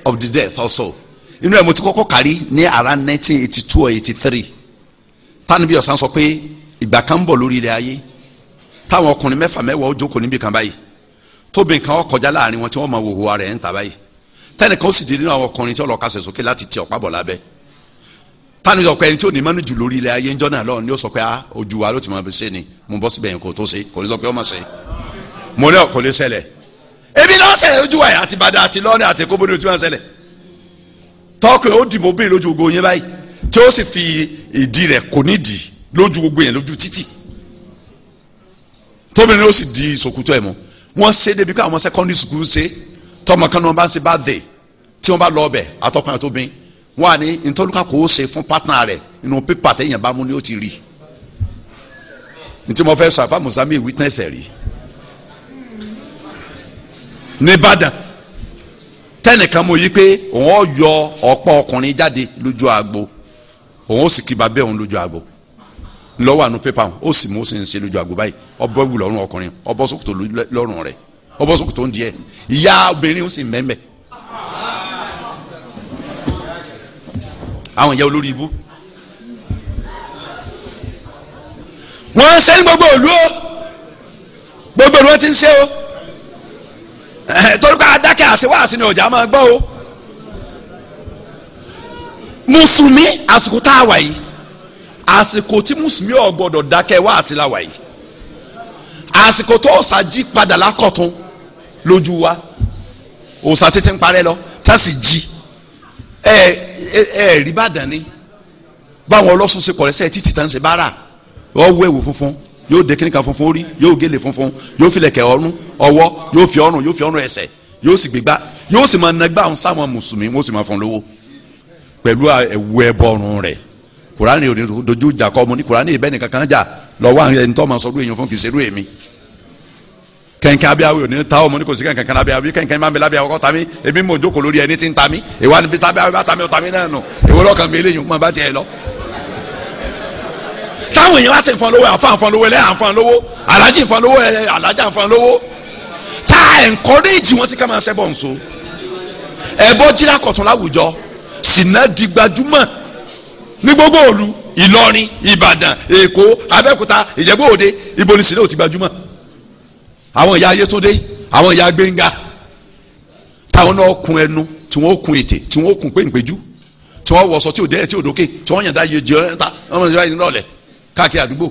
of the death also inú ẹ̀ mo ti kọ́kọ́ kárí ní ara nineteen eighty two or eighty three tánibí ọ̀sán sọ pé ìgbà kan ń bọ̀ lórí ilẹ̀ ayé táwọn ọkùnrin mẹ́fà mẹ́wàá ó jókòó níbi kan báyìí tóbi nǹkan ọkọjá láàrin wọn tí wọ́n máa wò hùwà rẹ̀ ń ta báyìí tẹ́nìkan ó sì di nínú àwọn ọkùnrin tí ọlọ́ka ṣẹ̀ láti ti ọ̀pá bọ̀ lábẹ́ tánu sọ pé ẹni tí ò ní mọ́nú jù lórí ilẹ̀ ayé ńjọ́ náà lọ́wọ́ ni ó sọ pé ah ojú wa ló ti máa fi ṣe ni mo bọ́ síbẹ̀ yẹn kò tó ṣe kò ní sọ pé ọmọ ṣe mo ní ọkọ lè ṣẹlẹ̀ ebi náà ṣẹlẹ̀ lójú wa yẹn àti bàdà àti lọ́ọ̀nì àti kóbó ni o ti máa ṣẹlẹ̀ tọ́kùn ó dìbò bẹ́ẹ̀ lójú gbogbo yẹn báyìí tí ó sì fi ìdí rẹ̀ kò ní dì lójú gbogbo yẹn lójú títì tóbìnrin ó sì di ìsòkútọ́ ẹ̀ mọ́ wọ́n ṣe débi pé àwọn secondary school ṣe tọmọ kan náà bá ń ṣe bá wọn à ní ntọ́lùkà kò ṣe fún pátánà rẹ̀ inú pépà téèyàn bá mú ni ó ti rí ntí mo fẹ́ sọ àfa musami witness ẹ̀ rí nìbàdàn tẹnìkan mo yí pé òun ó yọ ọ̀pọ̀ ọkùnrin jáde lójú agbo òun ó sì kí babẹ́ òun lójú agbo lọ́wọ́ àánú pépà òun ó sì mú sí ń ṣe lójú agbo báyìí ọbọ̀ wù lọ́rùn ọkùnrin ọbọ̀ sókòtò lọ́rùn rẹ̀ ọbọ̀ sókòtò ń diẹ ìyá obìnrin ó sì mẹ́mẹ́ àwọn ìyá olórí ibú wọ́n ń ṣe ní gbogbo òlu o gbogbo òlu wọn ti ń ṣe o torí pé adákẹ́ àṣewáṣe ni ọjà máa gbọ́ o mùsùlùmí àsìkò tá a wà yìí àsìkò tí mùsùlùmí ò dákẹ́ wáàsí la wà yìí àsìkò tó ọ̀sà jí padà lákọ̀tún lójú wa òòsà títí ń parẹ́ lọ tá a sì jí ẹ ẹ rí bàdàn ni báwọn ọlọ́sùn ṣe kọ̀rẹ́sẹ̀ títí tà ń ṣe bára ọwọ́ ẹ̀wò funfun yóò dé kíníkà funfun orí yóò gèlè funfun yóò filẹ̀ kẹ̀ ọrùn ọwọ́ yóò fi ọrùn yóò fi ọrùn ẹsẹ̀ yóò sì gbégbá yóò sì máa nagbá àwọn sáwọn mùsùlùmí wọ́n sì máa fọ́n lówó pẹ̀lú ẹ̀wù ẹ̀bọ̀rùn rẹ̀ kùránì òní dojú ìjà kọ́ ọmọ ní kùránì ìbẹ́ni kankan jà lọ́wọ́ àwọn ẹni tó máa sọ kẹ̀kẹ́ abíyáwó ni ta ọmọ ní kò sí kẹ̀kẹ́ kan abíyáwó kẹ̀kẹ́ máa ń bẹ lábíyáwó kọ́ tami èmi mò ń jókòó lórí ẹni tí ń tami ìwà níbi tábíyáwó bá tami ó tami náà nù ìwọ lọ́kàn mi eléyìí kúmọ̀ bá tiẹ̀ lọ. táwọn èèyàn wá sí nǹkan lówó àfa nǹkan lówó ẹlẹ́yà nǹkan alájì nǹkan lówó ẹ alájà nǹkan lówó tá encourage wọn sí ká máa ṣẹbọ nso ẹbọ jíra kọ̀tún láwùjọ sìnà di gbajúmọ̀ ní gbogbo òlu Ìlọrin Ìbàdàn Èkó Abẹ́òkúta Ìjẹ̀bú Òde ibo ni sìnà àwọn ìyá Ayétúndé àwọn ìyá Gbénga táwọn náà kun ẹnu tí wọ́n kun ètè tí wọ́n kun péńpéjú tí wọ́n wọ̀sọ tí ò dẹ́ tí ò dókè tí wọ́n yànda yé jẹun ẹ̀ta wọ́n mọ̀ sí báyìí nírọ̀lẹ́ káàkiri àdúgbò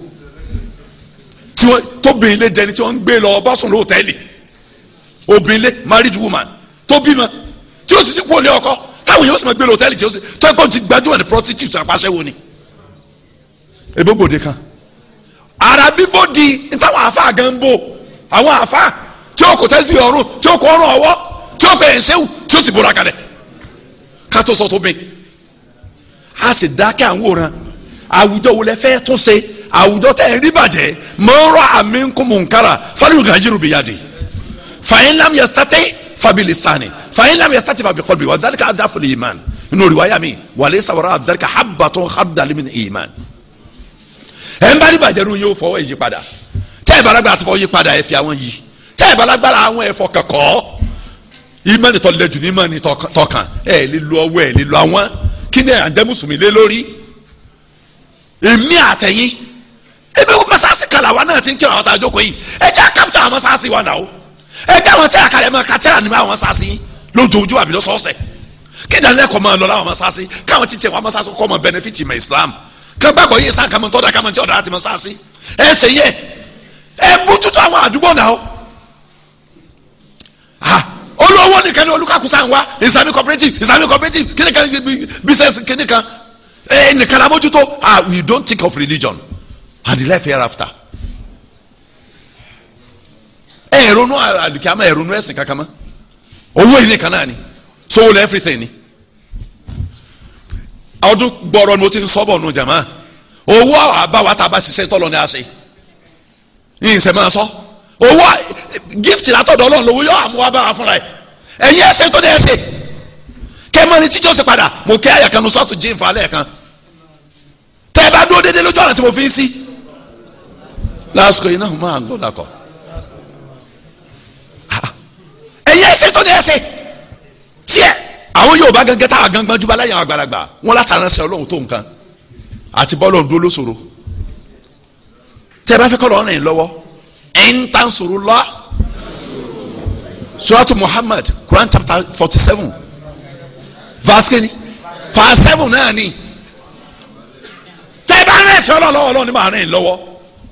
tí wọ́n tóbìnrin lé dẹni tí wọ́n ń gbé lọ bá sùn lóòtẹ́ẹ̀lì obìnrin lé married woman tóbi mọ tí ó sì ti kú òní ọkọ táwọn yóò sì máa gbé lóòtẹ́ẹ̀lì tí ó sì tó ẹ̀kọ́ ti gbajúmọ̀ ní prostitute apáṣẹ́wó ni ebógbòde kan àràbíbòdì ní táwọn àáfàá gan ń bò àwọn àfa tí ó kò tẹ́sí ọ̀run tí ó kò ọ̀run ọwọ́ tí ó pè é ṣéwù tí ó sì bóra kalẹ̀ ká tó sọ tó bẹ́ẹ̀ a sì dákẹ́ àwòrán àwùjọ wo lẹ fẹ́ tún ṣe àwùjọ tẹ̀ ń rí bàjẹ́ mọ́rọ́ àmì ń kún mọ̀ nkàrà fáliwù kan yìí rúbi yáde fàyín lam yẹ sátẹ́ fabili sani fàyín lam yẹ sátẹ́ fabili kọlbi wà dálíkà adáfọlì iman nínú riwaya mi wàlẹ́ sàwọ́rọ́ àdálíkà habatọ́ habdalimin iman ẹ̀ ń bá rí bàjẹ́ nínú yóò fọwọ́ ìyípadà tẹ́ ẹ̀ balagbara àti fọyín padà ẹ̀ fi àwọn yìí tẹ́ ẹ̀ balagbara àwọn ẹ̀fọ́ kẹ̀kọ́ ìmọ̀ni tọ́ lẹ́jù ní ìmọ̀ni tọkàn ẹ̀ lè lo ọwọ́ ẹ̀ lè lo àwọn kí ni à mùsùlùmí lé lórí èmi àtẹ̀yìn ebi wo masasi kala wa náà ti ń kí àwọn àtàjọ kò yìí ẹ jẹ́ àkàpùtà àwọn masasi wa náà o ẹ jẹ́ àwọn tẹ́lẹ̀ kalẹ̀ mọ́ kàtẹ́lẹ̀ ni àwọn masasi lójoojúmọ́ àbí lọ́sọ̀ọ̀sẹ̀ kí ìdánilẹ́kọ̀ọ́ máa lọ láwọn masasi káwọn títí wọn masasi kọ́ mọ bẹnẹfìtì mọ Islam kí wọ́n gbàgbọ́ yìí sáà kàmọ́ tọ́da kàmọ́ tí ọ̀dà àti masasi ẹ ṣe yẹ ẹ mójútó àwọn àdúgbò náà ah olówó nìkan ni olùkàkùn sáà ń wá islamic cooperative islamic cooperative kìnìkan business kìnìkan ẹ nìkan la mójútó ah we don't think of religion and the life hereafter ẹ ronú àdùkí àmọ́ ẹ ronú ẹ̀sìn kankan mọ́ owó yìí nìkan náà ni so all everything ni ọdún gbọrọ ni mo ti ń sọ bọ̀ nù jàmá owó àbáwá bá ṣiṣẹ́ tọ́lọ ni a ṣe yìí ṣe máa sọ owó gift látọ̀dọ̀ ọlọ́run lówó yọ àmú wa bá wa fúnra ẹ̀ ẹ̀yin ẹ̀sẹ̀ tó dẹ̀ ẹ̀sẹ̀ kẹ́ mọ́ ni títí ó sì padà mo kẹ́ àyà kan mo sọ́ọ̀tù jí nfa lẹ́ẹ̀kan tẹ́ ẹ bá dúró déédéé lójú ọ̀nà tí mo fi ń sí lásìkò yìí náà máa lọ làkọ̀ ẹ̀yin ẹ̀sẹ̀ tó dẹ̀ ẹ̀sẹ̀ tiẹ̀ àwọn Yorùbá gangan táwa gangan jùlọ aláyàn àgbàlagbà wọn látara ṣe ọlọ́run tó nǹkan àti bọ́ọ̀lù ọ̀dọ́ tẹ́ ẹ bá fẹ́ kọ́ lọ́ọ́ rìn lọ́wọ́ ẹ̀ ń tán sòrò lọ́ọ́ suratu muhammad quran chapter forty seven verse kini verse seven náà ni tẹ́ bá rẹ̀ ṣe ọlọ́lọ́wọ́ ọlọ́run ní màá rìn lọ́wọ́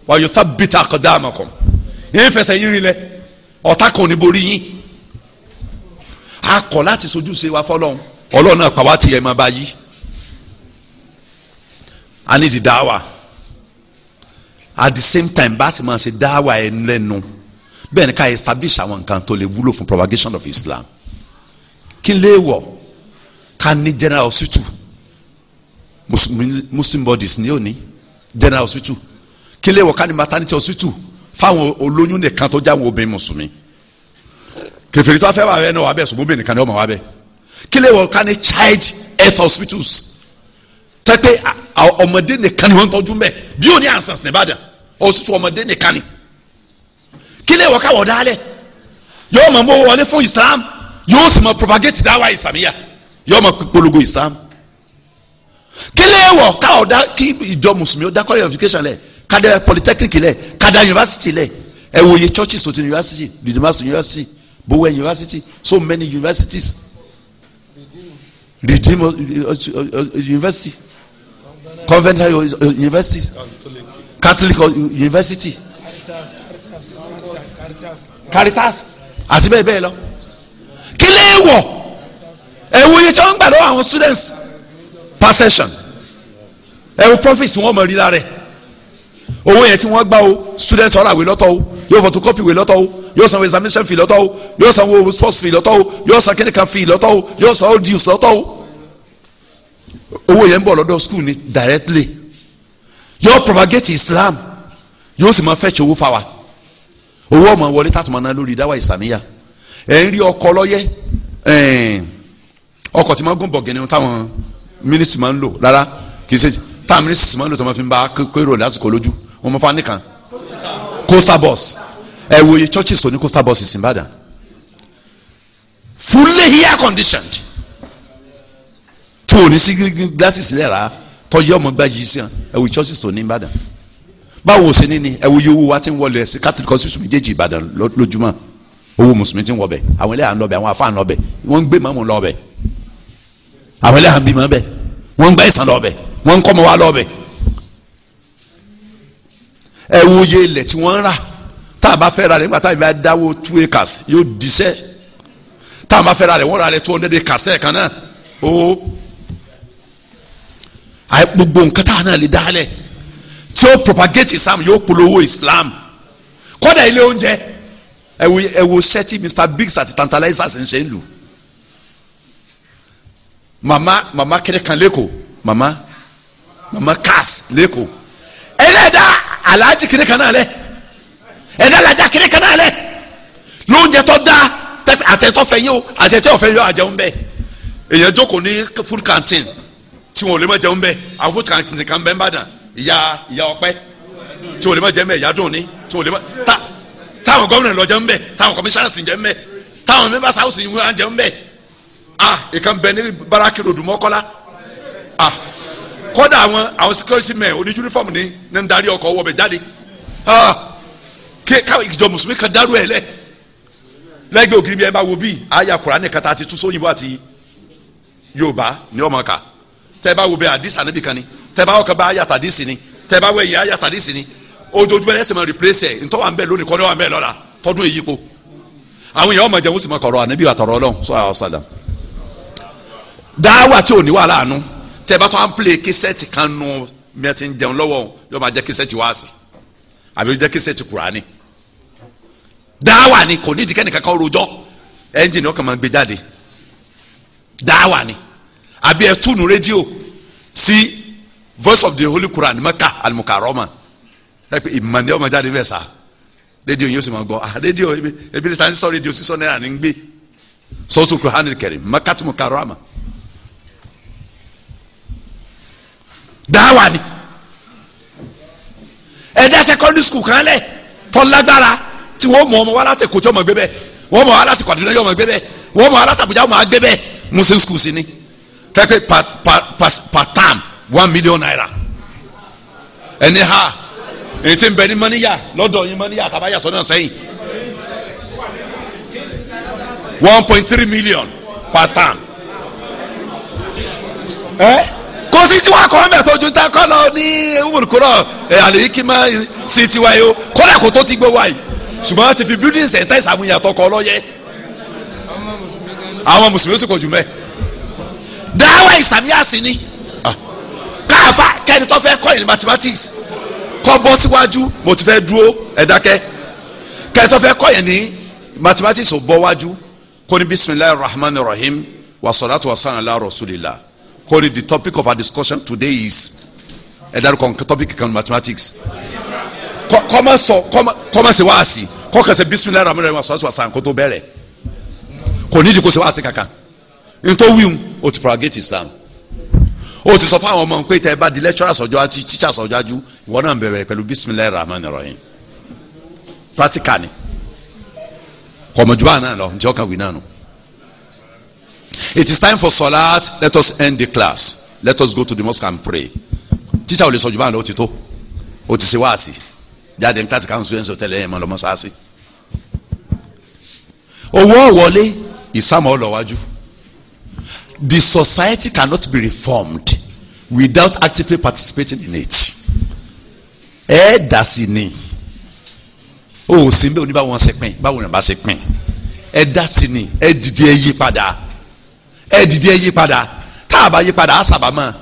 wà yóò thabita aqdamakum yẹn fẹsẹ̀ yín rinlẹ̀ ọ̀tá kan ò ní borí yín a kọ̀ láti sojú ṣe wa fọlọ́run ọlọ́run náà pàwá tiẹ̀ máa bá yí a ní di dáwà at the same time bá a sì máa ṣe dáwà ẹ lẹ́nu bẹ́ẹ̀ ni ká establish àwọn nǹkan tó lè wúlò fún propagation of Islam kí lè wọ̀ ká ní general hospital Muslim bodies ní òní general hospital kí lè wọ̀ ká ní maternity hospital fáwọn olóyún nìkan tó jáwọn obìnrin mùsùlùmí kẹfìrì tó a fẹ́ wà bẹ́ẹ̀ náà wà bẹ́ẹ̀ sùnmù obìnrin nìkan ni wọ́n wà bẹ́ẹ̀ kí lè wọ̀ ká ní child health hospitals tẹ́pẹ́ ọmọdé nìkan ni wọ́n tọ́jú mbẹ́ bí o ní ansans nìbàdàn ọ̀sùsù ọmọdé nìkan ni kílẹ̀ wọ́n káwọ̀ dálẹ̀ yóò mọ̀ mọ́ wọlé fún Islam yóò sì mọ̀ propagate dáwà ìsàmìyà yóò mọ̀ polongo Islam kílẹ̀ wọ́n káwọ̀ dá kí ìjọ mùsùlùmí ó dá college of education lẹ̀ kada polytechnic lẹ̀ kada university lẹ̀ ẹ wo ye churches to ti university Didymus university Bowen university so many universities Redeemer university convent university catholic university caritas àti bẹ́ẹ̀ bẹ́ẹ̀ lọ kí lè wọ̀ ẹ̀wù iye tí wọ́n ń gbà lọ́wọ́ àwọn students per session ẹ̀wù profits wọ́n mọ̀ rí lára ẹ̀ owó yẹn tí wọ́n gbà o student ọ̀rọ̀ àwẹ̀ lọ́tọ̀ o yóò copy ìwé lọ́tọ̀ o yóò san examination fee lọ́tọ̀ o yóò san sports fee lọ́tọ̀ o yóò san clinical fee lọ́tọ̀ o yóò san all dues lọ́tọ̀ o owó yẹn ń bọ̀ lọ́dọ̀ school ni directly yóò propagate Islam yóò sì máa fetch owó fáwa owó ọmọ wọlé tààtùmọ̀ náà lórí dáwà ìsàmìyà ẹ̀ ń rí ọkọ̀ lọ́yẹ́ ọkọ̀ tí máa gún bọ̀gẹ̀nì táwọn mínísítì máa ń lò rárá kì í ṣe táwọn mínísítì máa ń lò tó máa fi ń bá kérò lásìkò lójú wọn máa fa nìkan coastal bus ẹ wòye churches tó ní coastal bus ìsìn Ìbàdàn fully air conditioned tó o ní sí gíláàsì sílẹ̀ rà tọ́jú ọmọ gbájú sí ẹ ẹ̀wù churches tó ní Ìbàdàn báwo ṣe ní ni ẹ̀wù yìí owó wa ti ń wọlé sí Catholic hospital méjèèjì Ìbàdàn lójúmọ́ owó mùsùlùmí ti ń wọbẹ̀ àwọn ẹlẹ́yà ń lọbẹ̀ àwọn afáà ń lọbẹ̀ wọ́n ń gbé mọ́mú lọbẹ̀ àwọn ẹlẹ́yà ń bímọ bẹ̀ wọ́n ń gbá ìsàn lọbẹ̀ wọ́n ń kọ́ ọmọ wa lọbẹ̀ ẹ̀wù yẹ ilẹ̀ tí wọ́n ń rà tá a bá fẹ́ ra rẹ̀ nígbà tá a bá dáwó two acres yóò diṣẹ́ tá a bá fẹ́ ra rẹ̀ wọ́n ra rẹ̀ two hundred acres ẹ̀ kan náà ó gbogbo nǹkan tá a náà lè dálẹ̀ tí ó propagate islam yóò polówó islam kọ́dà ilé oúnjẹ ẹ wo ẹ wo ṣẹ́tì mr biggs àti tantalizers ń ṣe ń lù mama mama kẹ́lẹ́ kan lẹ́kọ̀ọ́ mama mama cars lẹ́kọ̀ọ́ ẹlẹ́dà aláàjì kiri kan náà lẹ ẹ̀dá alájà kiri kan náà lẹ lóúnjẹ tó dáa àtẹ̀tọ́ fẹ́ yín o àtẹ̀tẹ́ ọ̀fẹ́ yín o àjẹun bẹ́ẹ̀ èèyàn jókòó ní food canteen tí wọn ò lè má jẹun bẹ àwọn fún kàǹtì kan bẹ ń bàdàn ìyá ìyá ọpẹ tí wọn ò lè má jẹun bẹ ìyá dùn ní tí wọn ò lè má ta táwọn gómìnà lọ jẹun bẹ táwọn kọmíṣánná sì jẹun bẹ táwọn mẹba sáwùsì ń wá jẹun bẹ a ìkan bẹ ní baraki rodu mọkọlá a kọ́dà àwọn àwọn security men oní uniform ní ní ń darí ọkọ̀ wọbẹ̀ jáde a kí káwọn ìjọ mùsùlùmí kan dárú ẹ lẹ lẹ́gbẹ̀ẹ́ ògiri mi ẹ bá wo bíi àyà kùránì kata àti túnṣó àti yorùbá ni ọmọ kà tẹ́ bá wo bẹ àdìsí ànábì kan ni tẹ́ bá wọ́n kan bá ayàtà àdìsí ni tẹ́ bá wọ ẹ̀yà ayàtà àdìsí ni ojoojúmọ́ ẹ̀ sẹ́mi replace ẹ̀ ntọ́ wa ń bẹ̀ lónìí kọ́ ni wa ń bẹ̀ lọ́la tọdún èyí po àwọn èèyàn ọmọ jẹun sì mọ kọ̀rọ̀ ànábì àtọ̀rọ̀ ọlọ́run sọ àwọn sàlám dáwà tí ò ní wàhálà àánú tẹ́ bá tó à ń play kísẹ́ẹ̀tì kan nu mẹ́tì ń ni kò ní ìdíkẹ́ nìkan kan rojọ́ ẹ́ńjìnì ọkàn máa ni àbí ẹ túnú rédíò sí voice of the holy quran mẹ́kà alimukaroma ẹ pé ìmọ̀ndé ọmọ jáde bẹ́ẹ̀ sá rédíò yóò sì máa gbọ́ ah rédíò ebi ní sanni sọ rédíò sísọ náírà ní gbé sọ́sọ́ quran kẹrin mẹ́kà tó mu karoma dáwà ni ẹ dá secondary school kan lẹ̀ tọ́lágbára tí wọ́n mọ̀ ọmọ wa láti kòtò ọmọ gbé bẹ́ẹ̀ wọ́n mọ̀ wa láti Kaduna ọmọ gbé bẹ́ẹ̀ wọ́n mọ̀ wa láti Àbújá ọmọ agbé bẹ́ẹ̀ muslim school sí ni tẹ́pẹ́ per per per per term one million naira ẹni Anything èyí money ń Not doing money lọ́dọ̀ Tabaya so don't say. sẹ́yìn one point three million per term Eh? kò sí tiwa kọ́ mẹ́ tó ju ta kọ́ lọ ní wúlùkúrọ̀ àlèyíkímà sí tiwa yìí o kọ́dà kò tó ti gbé wáyìí Suma ti fi building center ìsàmúyàtọ̀ kọ́ lọ́yẹ àwọn mùsùlùmí sì kọ̀ jù mẹ́ẹ̀ dáwà ìsàmìyàsí ni ah. káàfà kẹ́ni tó fẹ́ kọ́ ìní mathematics kọ́ bọ́ síwájú mo ti fẹ́ dúró ẹ dákẹ́ kẹ́ni tó fẹ́ kọ́ ìní mathematics ò bọ́ wájú kò ní bisimilayi rahman rahim wa salatu wa salam ala rasulillah kò ní the topic of our discussion today is ẹ dárúkọ nǹkan topic kan mathematics kọ́ ma sọ kọ́ ma ṣe wáàsí kọ́ kẹsẹ̀ bisimilayi rahman rahim wa salatu wa salam kó tó bẹ̀rẹ̀ kò ní ìdíkò ṣe wáàsí kankan nítorí wíwù o ti propagate Islam o ti sọ fáwọn ọmọ pé tẹ ẹ bá di lecturers ọjọ́ àti teachers ọjọ́ àjú ìwọ náà bẹ̀rẹ̀ pẹ̀lú bisimilayi rahman rahim practical ni kọ̀mọ̀júbà náà lọ ǹjẹ́ ọkàn wí náà nù. it is time for salat let us end the class let us go to the mosque and pray teacher ò lè sọ jù báyìí lọ ó ti tó ó ti ṣe wáàsì jáde ní kíláàsì káwọn students hotel ẹ̀yẹ̀ mọ́ lọ́mọ́sáàsì owó wọlé ìsámọ́ ọlọ́wájú the society cannot be reformed without actively participating in it ẹ dá sí ni o ò sí bẹ́ẹ̀ oníbà wọn ṣe pín báwo ni wọn bá ṣe pín ẹ dá sí ni ẹ dìde ẹ yí padà ẹ dìde ẹ yí padà tá a bá yí padà á sábà mọ́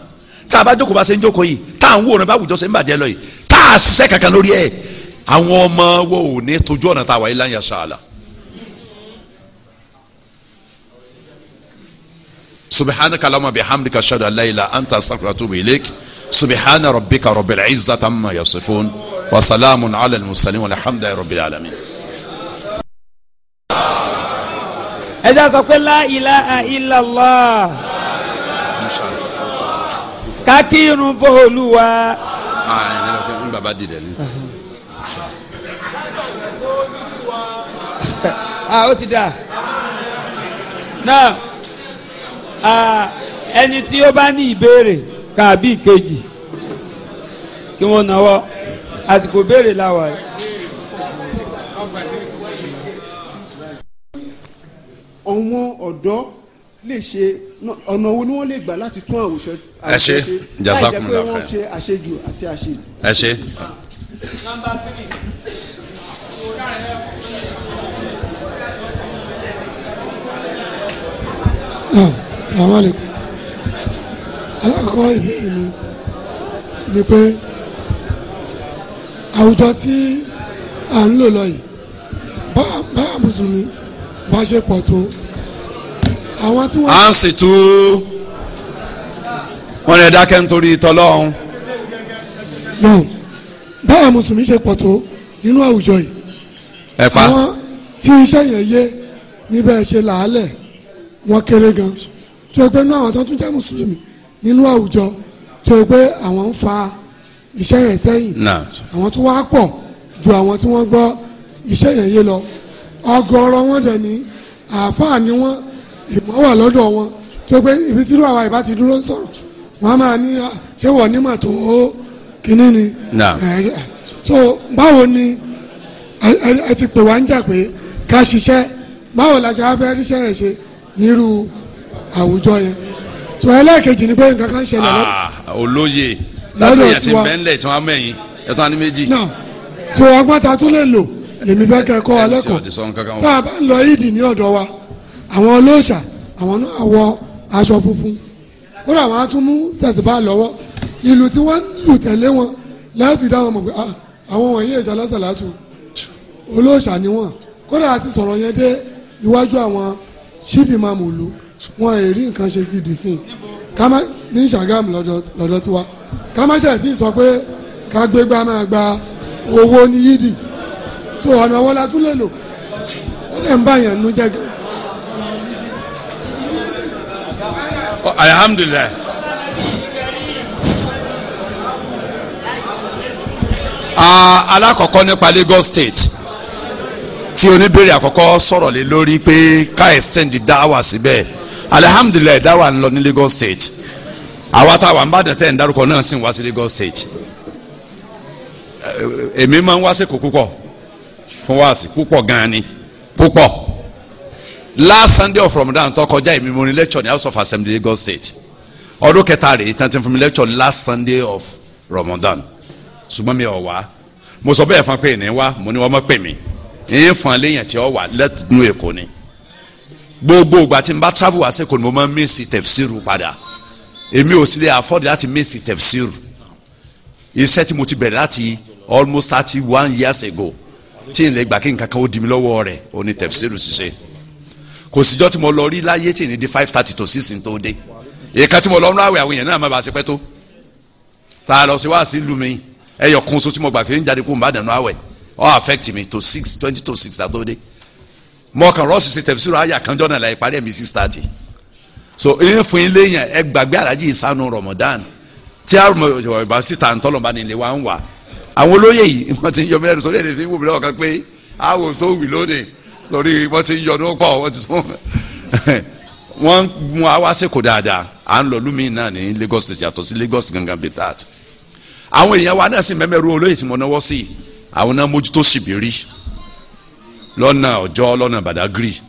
tá a bá jókòó bá ṣe ń jókòó yìí tá a ń wòran bá àwùjọ ṣe ń bàjẹ́ lọ yìí tá a ṣiṣẹ́ kankan lórí ẹ̀ àwọn ọmọ wo ò ní tójú ọ̀nà tá a wà yìí láyé aṣọ subhanaka allahumma bihamdika ashhadu an la ilaha anta astaghfiruka wa atubu ilaik subhana rabbika rabbil izzati amma yasifun wa salamun ala al-mursalin walhamdulillahi rabbil alamin. ẹ jẹ́ sọ pé la ilaha illallah kakirun f'Olúwa. n ah o ah, ti da. náà. Ah, ẹni tí ó bá ní ìbéèrè kàbí ìkejì kí wọ́n náwó àsìkò béèrè làwà yìí. àwọn ọ̀dọ́ lè ṣe ọ̀nà wo ni wọ́n lè gbà láti tún àwùjọ àṣẹ láì jẹ́ pé wọ́n ṣe àṣejù àti àṣejù. Oh salamu alaykum alákọ̀ọ́ ìbéèrè mi ni pé àwùjọ tí à ń lò lọ yìí báyà mùsùlùmí bá ṣe pọ̀ tó àwọn tí wọ́n. à ń sì tú wọn lè dákẹ́ nítorí tọ́lọ́hún. báyà mùsùlùmí ṣe pọ̀ tó nínú àwùjọ yìí. ẹ̀pá. àwọn tí iṣẹ́ yẹn yé níbẹ̀ ṣe làálẹ̀ wọ́n kéré gan-an tó yẹ pé nínú àwọn tó tún jẹ́ mùsùlùmí nínú àwùjọ tó yẹ pé àwọn ń fa iṣẹ́ yẹn sẹ́yìn àwọn tó wá pọ̀ ju àwọn tí wọ́n gbọ́ iṣẹ́ yẹn yé lọ ọ̀gọ̀rọ̀ wọn dẹ̀ ní àáfàá ni wọ́n ìmọ̀ wà lọ́dọ̀ wọn tó yẹ pé ibi tí irú àwa ìbá ti dúró sọ̀rọ̀ wọn á máa ní ṣé wọ́n nímọ̀ tó kíní ni so báwo ni ẹ ti pè wá ń jà pé ká ṣiṣẹ́ báwo la ṣe á fẹ́ ríṣẹ́ yẹn ṣe nírú àwùjọ yẹn sọ ẹlẹ́ẹ̀kejì ni pé nǹkan kan ṣẹlẹ̀ lọ. Ah, olóye lọ́dọ̀ yẹn ti bẹ́ńlẹ̀ tí wọ́n mẹ́yìn ẹ̀ tó wá ní méjì. náà sọ ọgbọ́n ta tún lè lò èmi bẹ́ẹ̀ kẹ́kọ̀ọ́ alẹ́kọ̀ọ́ tá a bá ń lọ yídì ní ọ̀dọ̀ wa àwọn olóòṣà àwọn náà wọ aṣọ funfun kódà àwọn atúmú tẹ̀síbá lọ́wọ́ ìlú tí wọ́n lù tẹ̀lé wọn láti dá wọn mọ̀ pé ah, àwọn wọ̀nyí ìṣàlásàlátù olóòṣà ni wọ́n kódà àti sọ̀rọ̀ yẹn dé iwájú àwọn ṣífìmàmù lù wọn èrí nǹkan ṣe sí dìísìn kámá ní Ṣàgámù lọ́dọ̀ tiwa kámáṣẹ́ ti sọ pé ká gbégbá máa gba owó ní yídì so ọ̀nà owó la tún lè lò ó lè ń báyàn nu jẹ́ gẹ́gẹ́. alhamdulilayi. alákọ̀ọ́kọ́ nípa Lagos State tí oníbèrè àkọ́kọ́ sọ̀rọ̀ lé lórí pé ká extend dáwà síbẹ̀. Si alihamudulilayi dáwà ń lọ ní Lagos state àwa táwa ń bá dẹ̀tẹ̀ ń darúkọ náà sì ń wá Lagos state eh, èmi máa ń wá sí kò púpọ̀ fún wá sí púpọ̀ gan ni púpọ̀ last Sunday of Ramadan tó kọjá èmi mo ní lecture ní House of Assembly Lagos state ọdún kẹta rèé tán ti fún mi lecture last Sunday of Ramadan ṣùgbọ́n mi ò wá mo sọ bẹ́ẹ̀ fún pé ní wá mo ní wọ́n mọ̀ pè mí ìyẹn fún alẹ́ tí ó wà lẹ́tùnú èkó ni gbogbo ìgbà tí n bá travel wá sí kò ní mo máa ń mísì tẹ̀fsíìrù padà èmi ò sì lè afford láti mísì tẹ̀fsíìrù iṣẹ́ tí mo ti bẹ̀rẹ̀ láti almost thirty one years ago tí n lè gbà kí nǹkan kan ó di mi lọ́wọ́ rẹ̀ ó ní tẹ̀fsíìrù ṣiṣẹ́ kò síjọ́ tí mo lọ rí láyé tí ní di five thirty to six tó dé èèkan tí mo lọ ń ráwẹ̀ àwọn èèyàn náà má bàa ṣe pẹ́ tó tá lọ sí wá sí lù ẹyọ kan so tí mo gbà kí n jáde kó n bá dànù àwẹ̀ all affect me to six twenty to six tó dé mọ̀ọ́kàn rọ́ọ̀sì sisi tẹ̀fisìrò àyà kanjọ́ náà láì parí ẹ̀mí six thirty so ìyẹn fún ilé yẹn ẹ gbàgbé alájí ìsanu Ramadan tí a rò bá síta ntọ́lọ́ba ni ilé wa ń wà àwọn olóyè yìí wọ́n ti ń yọ mílíọ̀nù sórí èdè fi ń wò mílíọ̀nù kan pé àwọn tó wì lónìí torí wọ́n ti ń yọ ní ó wọ́n ti tún wọ́n mú àwa sẹ́kọ̀ dáadáa à ń lọ lumi náà ní Lagos state yàtọ̀ sí Lagos gangan bíi that àwọn èèyàn wa náà sì mẹ́mẹ́rú olóyè tí mo náwó sí àwọn náà mójútó ṣìbírí lọ́nà ọ̀jọ́ lọ́nà badagry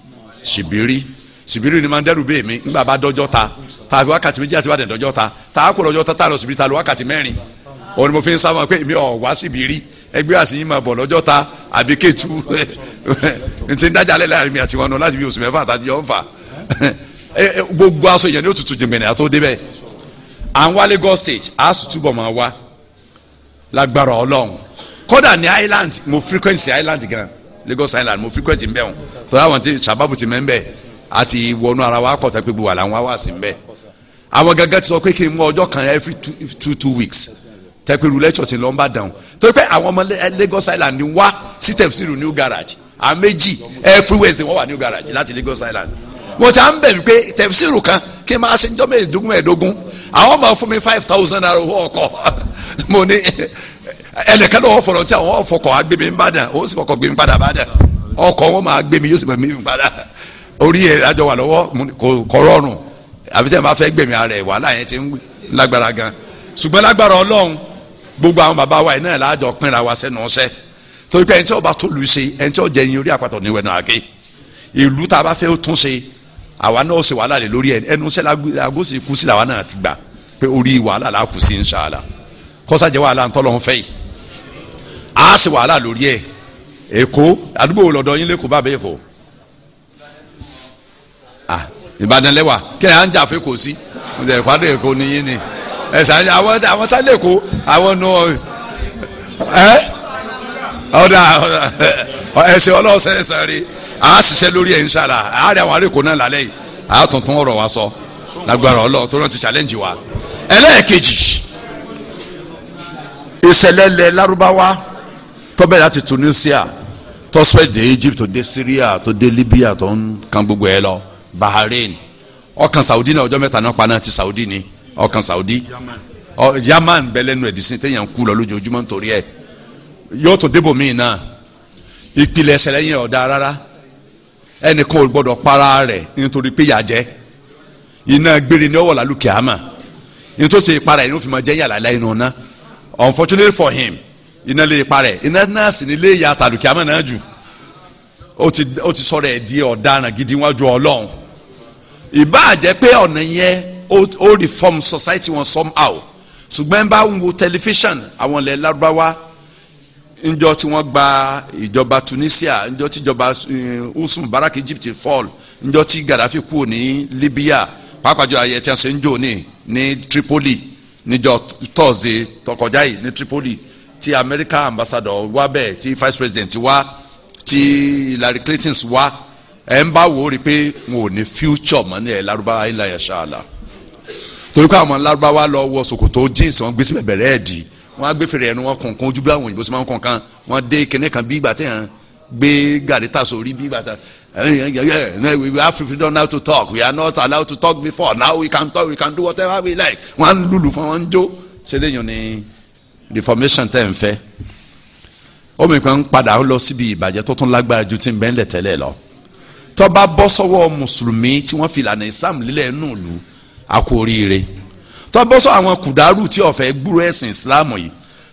sibiri sibiri ni máa ń dẹ́rù bẹ́ẹ̀ mi nígbà bá dọ́jọ́ ta tààfi wákàtí méjì àti ìbàdàn dọ́jọ́ ta tàà kó lọ́jọ́ ta tà lọ sibiri ta lọ wákàtí mẹ́rin òun ni mo fi ń sáwọn pé mi ò wá sibiri ẹgbẹ́ àsìyìn máa bọ̀ lọ́jọ́ ta àbí kẹ́tù n ti ń dájà lẹ́ láàrin mi àti wọn nù láti bí oṣù mẹ́fà àtàdé yọ̀ ń fà gbogbo aṣọ ìyẹn ni ó jìnbìnrin àtó débẹ̀ à ń wá Lagos State a sì túbọ̀ máa wá lágbára Ọlọ́run kódà ní Island mo frequency Island gan-an Lagos Island mo frequent ń bẹ̀ wọn tọ́lá àwọn tí sábàbù ti mẹ́ ń bẹ̀ àti wọnú ara wa kọ̀tà pé gbogbo wọn wá sí ń àwọn gẹ́gẹ́ ti sọ pé kí n mú ọjọ́ kan every two two, two weeks tẹ́pẹ́ rú lẹ́tọ̀ ti lọ ń bá dàn torí pé àwọn ọmọ Lagos Island ni wá system sí ìlú new garage àméjì everywhere Wednesday wọ́n wà new garage láti Lagos Island wọ́n ti à ń bẹ̀rù pé tẹ̀síìrù kan kí n máa ṣe ń jọ́ mẹ́ẹ̀ẹ́dógún mẹ́ẹ̀ẹ́dógún àwọn ọmọ fún mi five thousand naira owó ọkọ̀ mo ní ẹnìkan náà wọ́n fọ̀rọ̀ tí àwọn ọ̀fọ̀kọ̀ agbèmí ń bàdàn ó sì fọkọ̀ gbèmí padà bàdàn ọkọ̀ wọn máa gbèmí yóò sì máa mímí padà orí ẹ̀ lájọ wà lọ́wọ́ kò rọrùn àfi tẹ́ ẹ máa fẹ́ gbèmí ara ẹ̀ wàhálà yẹn ti ń lágbára gan ṣùgbọ́n lágbára ọlọ́run gbogbo àwọn bàbá wa náà láàjọ pínra wa sẹ́nu ọ̀sẹ́ torí pé ẹni tí a bá fẹ́ tún ṣe àwa náà ṣe wàhálà lè lórí ẹni ẹnu sẹ́lá agóṣe kú sí làwa náà ti gbà pé orí wàhálà làá kù sí ń kọ́sájẹ́ wàhálà ń tọ́lọ́ ń fẹ́ yìí a sì wàhálà lórí ẹ̀ èkó àdúgbò lọ́dọ̀ yín lẹ́kọ̀ọ́ bàbá èkó Ìbàdàn lẹ́wà kí à ń jà fún sí ẹ̀ pàdé èkó ni yín ni ẹ̀ àwọn àwọn tá lẹ́kọ̀ọ́ àwọn nù ẹ̀ ọ̀dà ẹ̀sẹ̀ rí a lórí a rí àwọn náà yìí a wa sọ lágbára tó ti challenge wa ẹlẹ́ẹ̀kejì ìṣẹ̀lẹ̀ lẹ̀ lárúbáwá. tó bẹ̀rẹ̀ láti Tunisia tó spread dé Egypt tó dé Syria tó dé Libya tó ń kan gbogbo ẹ lọ Bahrain ọkàn Saudi náà ọjọ́ mẹ́ta náà paná ti Saudi ni ọkàn Saudi ọ Yaman bẹ́lẹ́nu ẹ̀dínsìn téèyàn kú lọ lójoojúmọ́ nítorí ẹ̀ yóò tún débò míì náà ìpìlẹ̀ ẹsẹ̀ lẹ́yìn ọ̀dà rárá ẹnìkan ò gbọ́dọ̀ para rẹ̀ nítorí pé yà jẹ́ iná gbére ní ọwọ́ làlùkẹ́ àmà nítorí ìpara ẹ̀ ní ó fi máa jẹ́ yàrá láì nù ọ̀nà unfortunately for him iná lè parẹ́ iná náà sì nílé ìyá tàlùkìámọ̀ náà jù ó ti ó ti sọ̀rọ̀ di ọ̀daràn gidi wájú ọlọ́run ìbáà jẹ́ pé ọ̀nà yẹn ó reform society wọn somehow ṣùgbọ́n bá ń wo tẹlifíṣàn àwọn ilẹ̀ lárúbáwá ńjọ́ tí wọ́n gba ìjọba Tunisia ńjọ́ tí ìjọba eh, Usman Barak Egypt fall ńjọ́ tí Gaddafi kú ní Libya pàápàá jọ ayẹyẹ tí wọ́n ṣe ń jò ní ní Tripoli níjọ́ Thursday tó kọjá yìí ní Tripoli tí America ambassador wá bẹ́ẹ̀ tí vice president wá tí Hillary Clinton wá ẹ̀ ń bá wò ó rí i pé wọn ò ní future mọ́ ní ẹ̀ Lárúbáwá ilà yàtsàlá torí pé àwọn Lárúbáwá lọ wọ ṣòkòtò jeans wọn gbé sí bẹ̀rẹ̀ ẹ̀ dì wọn á gbé fèrè ẹnu wọn kọ̀ọ̀kan ojú bí àwọn òyìnbó sì máa ń kọ̀ọ̀kan wọn dé kẹ́nẹ́ kan bí ìgbà tẹ̀yàn gbé gàrí tà sórí bí ìgbà tẹ̀yàn we have freedom now to talk we are not allowed to talk before now we can talk we can do whatever we like wọn lulu lùlù fún wọn jó ṣe léyìn ní reformation tẹ̀ ń fẹ́ omi kan ń padà lọ síbi ìbàjẹ́ tó tún lágbára ju ti ń bẹ́ńlẹ̀ tẹ́lẹ̀ lọ tó bá bọ́ sọ́wọ́ mùsùlùmí tí wọ́n fi ìlànà islam lílẹ̀ nù lù àkó oríire tó bọ́ sọ àwọn kùdárù tí ọ̀fẹ́ gbúrò ẹ̀sìn islam yìí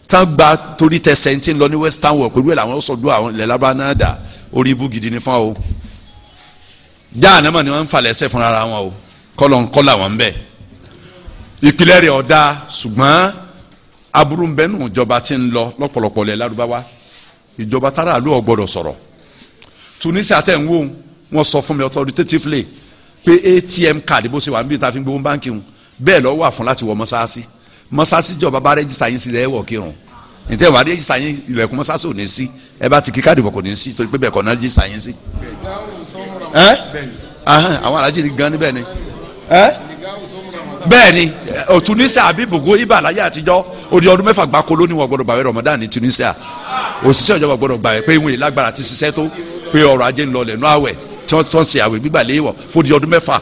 tán gba torí tẹsẹ̀ ti ń lọ ní western world pẹ̀lú ẹ̀ làwọn sọ̀dọ̀ àwọn ilẹ̀ lábánádà orí ibú gidi ni fún o jáànámà ni wọ́n ń falẹ̀ ẹsẹ̀ fúnra wọn o kọ́lọ̀ ń kọ́lá wọn bẹ́ẹ̀ ìpìlẹ̀ rẹ̀ ọ̀dà ṣùgbọ́n aburú ń bẹnu ìjọba ti ń lọ lọ́pọ̀lọpọ̀ lẹ̀ lárúbáwá ìjọba tára ló ọgbọ́dọ̀ sọ̀rọ̀ Tunisia tẹ̀ ń wò wọ́n sọ fún mi authoritatively pé ATM card bó ṣe wà níbi ìta fi gbowó báńkì ń bẹ́ẹ̀ lọ́ wà fún láti wọ mọ́sáàsì mọ́sáàsì jọba bá rẹ́jísà yín sílẹ̀ ẹ̀wọ̀ kírun ǹtẹ́ wà rẹ́jísà yín ilẹ̀kùn mọ́sáàsì ò ní sí ẹ bá ti kí káàdì bọ̀ kò ní sí torí pé bẹ́ẹ̀ kọ́ náà rẹ́jísà yín sí. àwọn alájí gan níbẹ̀ ni bẹ́ẹ̀ ni eh, tunisia àbí bògó ibà láyé àtijọ́ odi ọdún mẹ́fà gbáko lónìí wọn gbọ́dọ̀ gbàwé ramadan ní tunisia òṣìṣẹ́ ìjọba gbọ́dọ̀ gbàwé pé ìwé lágbára ti ṣiṣẹ́ tó pé ọrọ̀ ajé ń lọ lẹ́nu àwẹ̀ tí wọ́n tọ́ ṣe àwẹ̀ gbígbà léwọ̀ fódi ọdún mẹ́fà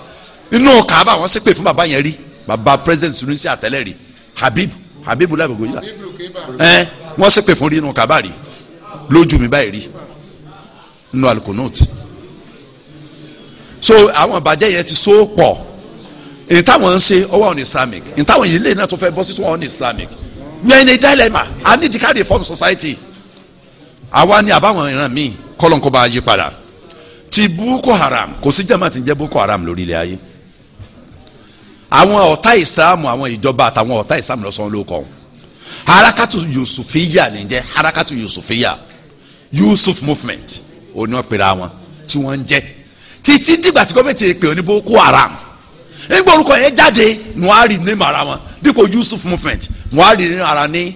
inú kaaba wọn ṣépè fún bàbá yẹn rí bàbá president tunisia tẹ́lẹ̀ rí habib habib labogo yìí ẹ wọn ṣépè fún rí inú kaaba rí lójú mi báyìí rí inú alukonot so àwọn bàjẹ́ yẹn ti so pọ̀ èyí táwọn ń ṣe ọwọ́ on islamic èyí táwọn yìí lè náà tó fẹ́ bọ́ sí wọn on islamic we are in a dilemma i need to carry form society àwa ni àbáwọn ìran míì kọ́lọ́nkọ́ bá yí padà ti boko haram kò sí jama tí ń jẹ́ boko haram lórí ilẹ̀ ayé àwọn ọ̀tá islam àwọn ìjọba àtàwọn ọ̀tá islam lọ́sàn-án ló kọ́ harakatu yusufiya ní jẹ́ harakatu yusufiya yusuf movement oní ọ̀pẹ̀rẹ̀ àwọn tí wọ́n ń jẹ́ títí dìgbà tí gọ́ọ̀mẹ̀ntì pè ní boko haram nígbà orúkọ yẹn jáde wọn á rí nínú ara wọn dípò Yusuf movement wọn á rí nínú ara ní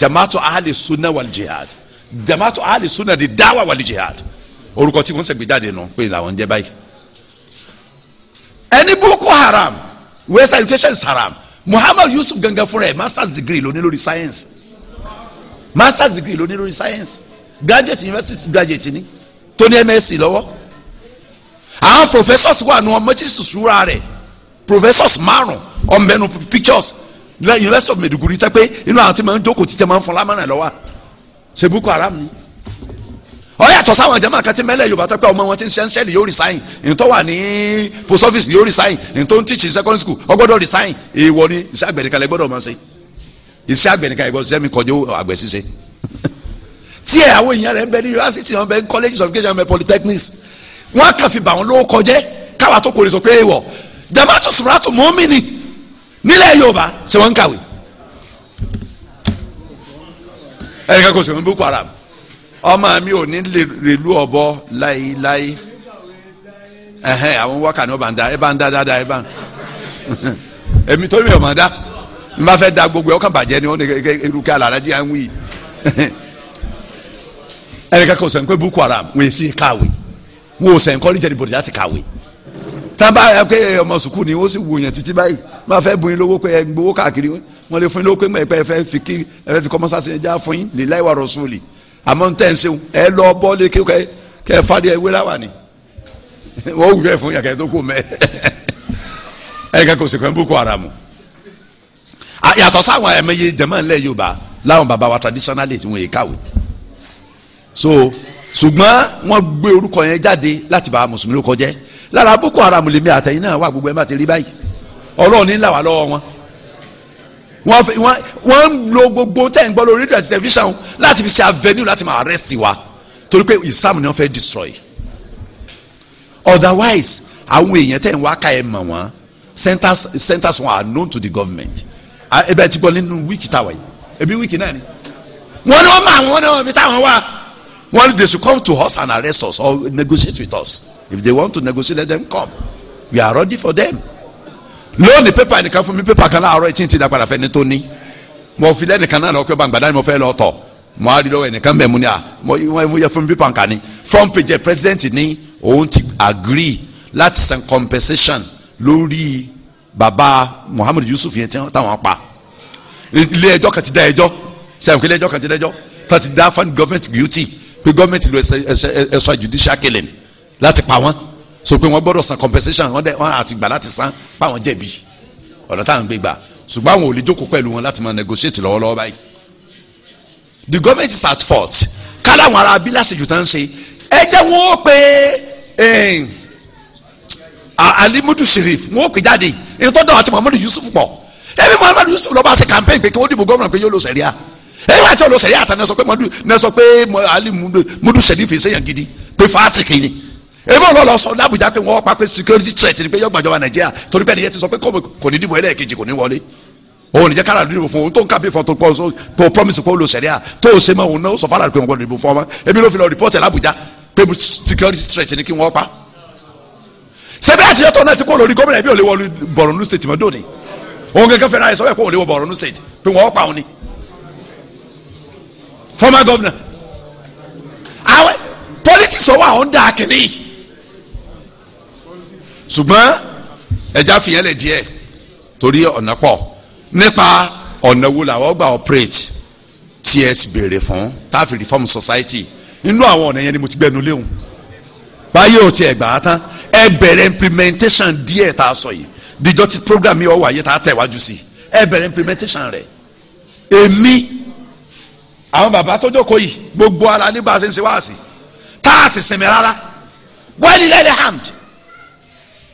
jamaatu ahali sunna wal jihad jamaatu ahali sunna di dawa wal jihad orúkọ tí wọn sẹgbẹ jáde nù pé làwọn ń jẹ báyìí ẹni Boko Haram Western education is haram Muhammad Yusuf gangan fúnra ẹ masters degree ló ní lórí science masters degree ló ní lórí science graduate university graduate ni tó ní MSc lọ́wọ́ àwọn professors wà nù ọmọ jésù sùúrà rẹ̀ professors márùn ọmọbẹnu pictures university of Maiduguri tẹ pé inú àwọn tí ma ń jókòó títẹ ma ń fọlá mọ́nà lọ́wọ́ ṣe Boko Haram ni ọ̀yàtọ̀ sáwọn jama kan ti mẹ́lẹ̀ Yorùbá tọ́pẹ́ ọmọ wọn ti ń ṣẹ́ńṣẹ́lì yóò resign ìtọ́ wà ní post office yóò resign ìtọ́ ń teach in secondary school ọgbọ́dọ̀ resign èèwọ̀ ni iṣẹ́ àgbẹ̀nìkalẹ̀ gbọ́dọ̀ máa ṣe iṣẹ́ àgbẹ̀nìkalẹ̀ gbọ́dọ̀ sẹ́mi kọjú àgbẹ̀ ṣiṣẹ́ tí ẹ àwọn èèyàn rẹ̀ ń bẹ ní university wọn bẹ ní colleges of education bẹ polytechnics wọn kàn fi bà wọn lówó kọjẹ́ káwa tó kò lè sọ pé èèwọ̀ jama'atu suratu mọ́mìnì nílẹ̀ yorùbá ṣé wọ́n ń kàwé ẹnìkan kò sèwọ́n boko haram ọmọ mi ò ní rèlú ọ̀bọ láéláé ẹhẹn àwọn wákà ni wọ́n bá ń da ẹ bá ń da dáadáa ẹ bá ń èmi tó mi ò mọ̀ dá n bá fẹ́ da gbogbo ẹ̀ ọkàn bàjẹ́ ni wọ́n ní erukẹ́ alàrájì à ń wí ẹnìkan kò sèwọ́n pé boko haram wọ́n èsì kàwé wọ́n ò sèwọ́n kọ́lé jẹ́ni bòdì láti kàwé tábà ẹ ọmọ sùkúù ni wọ́n sì wòyàn títí báyìí máa fẹ́ bóyin lówó pé ẹ gbowó káàkiri wọ́n lè fún yín lówó pé ẹ fẹ́ fi kí ẹ fẹ́ fi kọ́mọ́sáàsì ẹ já fún yín lè láì wà rọ̀sùlì àmọ́ tẹ̀ ń sẹ́wọ̀n ẹ lọ bọ́ lé kẹ́ kẹ́ fadé ẹ wéra wà ní wọ́n wù ẹ fún yàtọ̀ tó kù mẹ́ ẹ kẹ́ kò sì kàn Boko Haram yàtọ̀ sáwọn ẹ̀mẹ́yẹ jẹ̀mọ́ ńlẹ̀ Yorùbá láwọn baba wa traditionally tí wọ́n so ṣùgbọ́n wọ́n gbé orúkọ yẹn jáde láti bá mùsùlùmí lára boko haram lèmi àtẹ̀yìn náà wà gbogbo ẹ̀ bá ti rí báyìí ọlọ́run ní làwà lọ́wọ́ wọn wọ́n fi wọ́n wọ́n ń lo gbogbo tẹ̀ ń gbọ́ lórí rédíò àti tẹlifíṣàn láti fi ṣe avenue láti máa arrest wa torí pé islam ni wọ́n fẹ́ destroy otherwise àwọn èèyàn tẹ̀ ń wá ká ẹ̀ mọ̀ wọ́n centers centers wọn are known to the government ẹ bẹ́ẹ̀ ti gbọ́ nínú wíìkì táwa yìí ẹbí wíìkì náà ni wọ́n ní wọ́n mọ àwọn náà ibi táwọn wà. One they should come to us and arrest us or negotiate with us. If they want to negotiate, let them come. We are ready for them. Lóòní pépà nìkan fún mi pépà kan láàárọ̀ etí ti dàpadà fẹ́ni tó ní. Mo fi lẹ́nìkan náà lọ pé bàǹgbàdá ni mo fẹ́ lọ tọ̀. Mo á rí lọ́wọ́ ẹnìkan bẹ̀ mu ni à mo yẹ fún mi pépà kan ni. Front page president ní òun ti agree láti san compensation lórí Baba, Muhammad Yusuf yẹn táwọn pa. Ilé ẹjọ́ kan ti dá ẹjọ́ sẹ́wọ̀n kí ilé ẹjọ́ kan ti dá ẹjọ́ kan ti dá fan government guilty pé gọ́ọ̀mẹ̀ntì lo ẹ̀ṣọ́ judicial killing láti pa wọ́n so pé wọ́n gbọ́dọ̀ san compensation wọ́n dẹ̀ wọ́n àti gbà láti san pa wọ́n jẹ̀bi ọ̀nà táwọn gbé gbà ṣùgbọ́n àwọn ò lè jókòó pẹ̀lú wọn láti máa negotiate lọ́wọ́lọ́wọ́ báyìí the government is at fault kálá àwọn ará abílẹ̀ àṣejù tán ń ṣe ẹ jẹ́ wọn ó pe eh, alimudu sheriff wọn ó pè jáde ìtọ́jú àti muhammadu yusuf pọ̀ ẹbí muhammadu yusuf lọ́ba ṣe campaign pé kí wọ́n dìbò gómìnà pé yóò lọ sẹ̀ríà ẹ wá àjọ lọsẹ yàtọ̀ nẹ sọ pé mọdú nẹ sọ pé ali mọdú sẹdí fèsì yàn gidi pé fàásì kìíní ebi olóòlò sọ làbújá pé wọn pa pé security threat ni pé yọgbà jọba nàìjíríà torí bẹ́ẹ̀ ni yẹn ti sọ pé kò ní dìbò ẹlẹ́ẹ̀kejì kò ní wọlé òun ní jẹ́ kára dìbò fún òun tó ń kábí fún tó tó promise pé olóòlò sẹ̀ríà tó o ṣe mọ́ òun náà sọ fara pé wọn gbọ́dọ̀ fún ọmọ ebi ló fi lọ report ẹ̀ làbújá pé security threat ni kí wọ́n pa sẹ́bí àtijọ́ tó náà ti kó lórí gómìnà ẹbí ò lè wọlé Borno state mọ́ dòní òun gẹ́gẹ́ fẹ́ràn àìsàn ẹ̀ pé ò lè wọ Borno state pé wọ́n pa òun ni former governor àwọn politics ọwọ́ àwọn dà kìíní ṣùgbọ́n ẹja fìyẹn lè díẹ̀ torí ọ̀nà pọ̀ nípa ọ̀nà wo làwọn gbà operate ts béèrè fún táàfin reform society inú àwọn ọ̀nà yẹn ni mo ti gbẹnu léwu báyìí ò tiẹ̀ gbà á tán ẹ bẹ̀rẹ̀ implementation díẹ̀ tá a sọ yìí díjọ́ ti program yìí ọ̀ wáyé tá a tẹ̀ wájú sí ẹ bẹ̀rẹ̀ implementation rẹ̀ èmi. E àwọn bàbá tó jókòó yìí gbogbo ara ní bá a ṣe ń ṣe wáàsí tá a sì sinmi rárá wẹ́ẹ̀lì lẹ́lẹ̀ hamd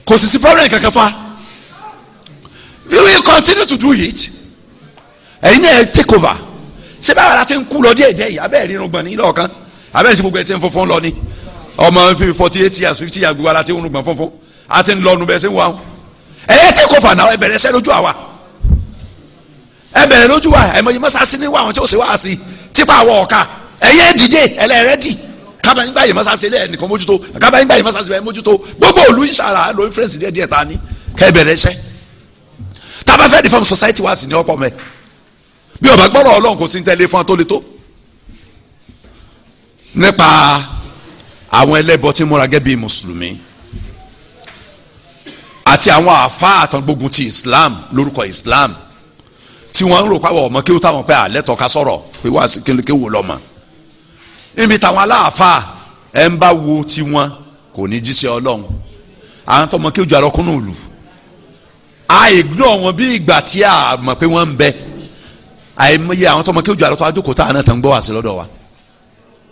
kò sì sí problem kankan fa we will continue to do it ẹ̀yin náà take over ṣé báwa la ti ń kú lọ díẹ̀ díẹ̀ yìí abẹ́ẹ̀ rírun gbọ̀n ní ilé ọ̀kan abẹ́ẹ̀ sí gbogbo ẹ̀ ti ń funfun lọ ni ọmọ fi forty eight years fifty years gbogbo ara ti ń rún gbọ̀n funfun a ti ń lọ nu bẹ́ẹ̀ sí wọn ẹ̀yẹ take over náà ẹ bẹ̀rẹ̀ ṣẹ́ lójú àwa ẹ bẹ̀rẹ̀ lójú wa ẹ̀mọ yìí mọ́sáàsì ní wa àwọn tí ó ṣe wá sí tipa àwọ̀ ọ̀ka ẹ̀yẹ dìde ẹlẹ́rẹ́dì kábà nígbà yìí mọ́sáàsì ilé ẹnìkan mójútó kábà nígbà yìí mọ́sáàsì ilé mójútó gbogbo òlu ìṣàrà ló ń fẹ́rẹ̀sì díẹ̀ díẹ̀ ta ni kẹ́ bẹ̀rẹ̀ iṣẹ́ tábà fẹ́ reform society wa sì ní ọ̀pọ̀ mẹ́ bí ọba gbọ́dọ̀ ọlọ́run kò sí ní tẹ́lẹ̀ fún atólétó nípa àwọn ẹlẹ́bọ tí múra gẹ́gẹ́ mùsùlùmí àti àwọn àfa àtàn gbógun ti Islam lórúkọ Islam tí wọ́n ń rò pàwọ̀ ọmọ kí ó táwọn pé àlẹ́tọ̀ ká sọ̀rọ̀ pé wá sí kéńké wò lọ́mọ. níbi táwọn aláàfáà ẹ̀ ń bá wo tiwọn kò ní jíṣẹ́ ọlọ́run àwọn tọmọ kí ojú àlọ́kùnrin òlu àìgbọ́ wọn bí ìgbà tí a mọ̀ pé wọ́n ń bẹ àìmọye àwọn tọmọ kí ojú àlọ́tọ́ adókòó tá àná tán gbọ́ wá sí lọ́dọ̀ wa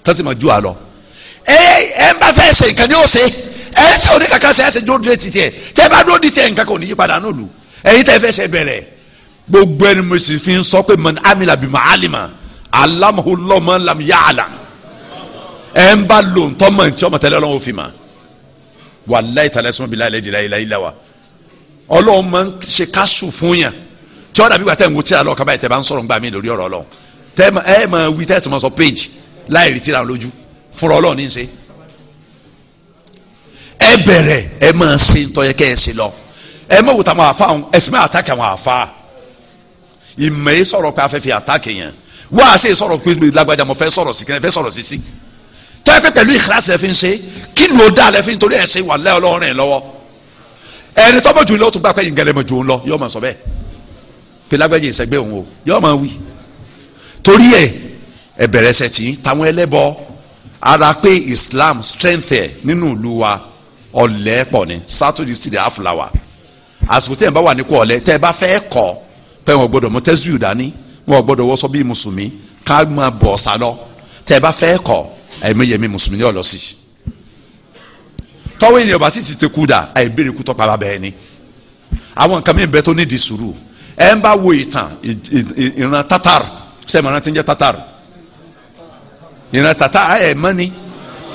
tán sì mọ̀ ju àlọ́ ẹ ẹ ń bá fẹ́ ṣe nǹkan ní òsè ẹ tí òní ṣe ẹ ṣe dúró de titi ẹ tẹ bá dúró de titi nǹkan kò ní yípadà náà lù ẹ̀yin tẹ fẹ́ ṣe bẹ̀rẹ̀ gbogbo ẹni mo sì fi ń sọ pé mọ amila bí mọ alima alamahulọmọ lam yaala ẹ ń bá lò ń tọ́mọ̀ tí ọmọ tẹ́lẹ̀ ọlọ́run fi ma wàláyé tàlẹ́ sọ́mọ́ bíi láìlẹ́ ìdílé ilé wa ọlọ́run máa ń ṣe káṣù fún yàn tí ọ̀dà bíbá tẹ̀ ń wo tíra lọ́ọ̀ká báyìí tẹ̀ bá ń sọ̀rọ̀ ńgbà mí lórí ọ̀rọ̀ ọlọ́run tẹ́ ẹ máa wí tẹ́ ẹ tó máa sọ péjì láì rí tíra lójú fúnra ọlọ́run ẹ bẹ̀rẹ̀ ẹ máa ṣe ntọ́yẹ kẹ́ ẹ ṣe lọ ẹ má wò táwọn àfa ẹ̀sìn máa àtàkì àwọn àfa ìmọ̀ yìí sọ̀rọ̀ pé afẹ́fẹ́ àtàkì yẹn wá a sì sọ̀rọ̀ pé lágbájá mo fẹ́ sọ̀rọ̀ sí kẹ́hìn fẹ́ sọ̀rọ̀ sí sí tọ́yẹ pé pẹ̀lú ìkíláàsì ẹ̀ fi ń ṣe kí ni ó dá alẹ́ fi ń torí ẹ̀ ṣe wà lẹ́ ọlọ́run rìn lọ́wọ́ ẹni tọ́mọ̀ jù lọ́wọ́ tó gbà pé ìgẹ̀lẹ̀ mọ̀ jù ń lọ yọ́ọ́ máa sọ bẹ́ẹ̀ pé lágbájá ìṣẹ́gbẹ́ òun o yọ́ọ́ máa wí torí ẹ̀ ẹ̀ bẹ̀rẹ̀ ṣẹ̀ tí táwọn ẹlẹ́bọ ara pé Islam strength ẹ̀ nínú ìlú wa ọ̀lẹ́ pọ̀ ni Saturday city afulawa àsìkò tẹ́ ẹ̀ bá wà ní kú ọ̀lẹ́ tẹ́ ẹ bá fẹ́ kọ́ pé wọn gbọ́dọ̀ mú tẹsíù dání wọn gbọ́dọ̀ wọṣọ bíi mùsùlùmí ká máa bọ̀ ọ̀sà lọ tẹ ẹ bá fẹ́ kọ ẹ̀mẹyẹmí mùsùlùmí yóò lọ sí i tọ́wọ́ ènìyàn bá sì ti ti kú dà àìbèrè kú tọ́pa bàbá ẹni àwọn nǹkan mìíràn bẹ́ẹ̀ tó nídìí sùúrù ẹ ń bá wo ìtàn ìran tatar sẹ́mi ìran ti ń jẹ́ tatar ìran tatar ẹ̀ mọ́ni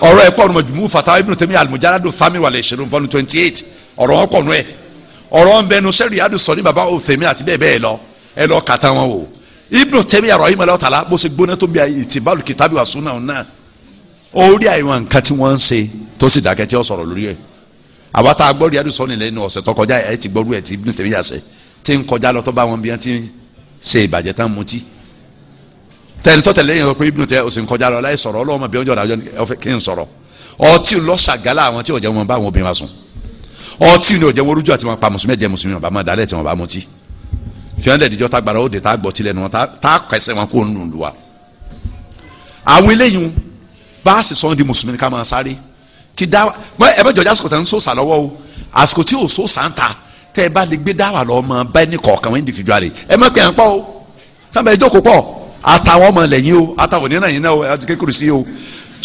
ọ̀rọ̀ ẹ̀ pọ̀ ọ̀rọ̀ mọ̀jùmú fatawa ibn Taymiyyah al-Mujarrad fami wàlẹ̀ ìṣẹ̀lẹ̀ fọ́nù twenty eight ọ̀rọ̀ wọn pọ̀ nù ẹ̀ ọ̀rọ̀ ń bẹnu sẹ́rì yàdù sọ ní baba òfèmí àti bẹ́ẹ̀ bẹ́ẹ̀ lọ ẹ lọ kàtà wọn o Ibn Taymiyyah rahimahullah ta'ala bó ṣe gbóná tó ń bí ìtìbálù kìtàbí wà súnà náà orí àwọn nǹkan tí wọ́n ń ṣe tó sì dákẹ́ tí ó sọ̀rọ̀ lórí ẹ̀ àwa tá a gbọ́ yàdù sọ nílẹ̀ inú ọ̀sẹ̀ tó kọjá ẹ̀ ti gbọ́rú ẹ̀ ti Ibn Taymiyyah ṣe ti ń kọjá lọ tó bá wọn bí wọn ti ń ṣe ìbàjẹ́ tán mutí tẹ̀lítọ́ tẹ̀lé yẹn pé Ibn Taymiyyah ó sì ń kọjá lọ láì sọ̀rọ̀ ọtí ni òjẹ́ wọ́rújú àti máa pa mùsùlùmí ẹ̀jẹ̀ mùsùlùmí ọ̀bá máa dalẹ̀ tí wọ́n bá mutí fíọ́ndẹ̀ ìdíjọ́ tá gbàrà òde tá gbọ́ tilẹ̀ nu wọn tá kẹsẹ̀ wọn kó nù lù wa. àwọn eléyìí bá a sì sọ di mùsùlùmí ká máa sáré kí dáwà ẹ bẹ jọjá àsìkò tẹ ń sòsà lọ́wọ́ o àsìkò tí ò sòsà ń ta tẹ ẹ bá lè gbé dáwà lọ ọmọ bá kọ̀ọ̀kan wọn individual ẹ má pè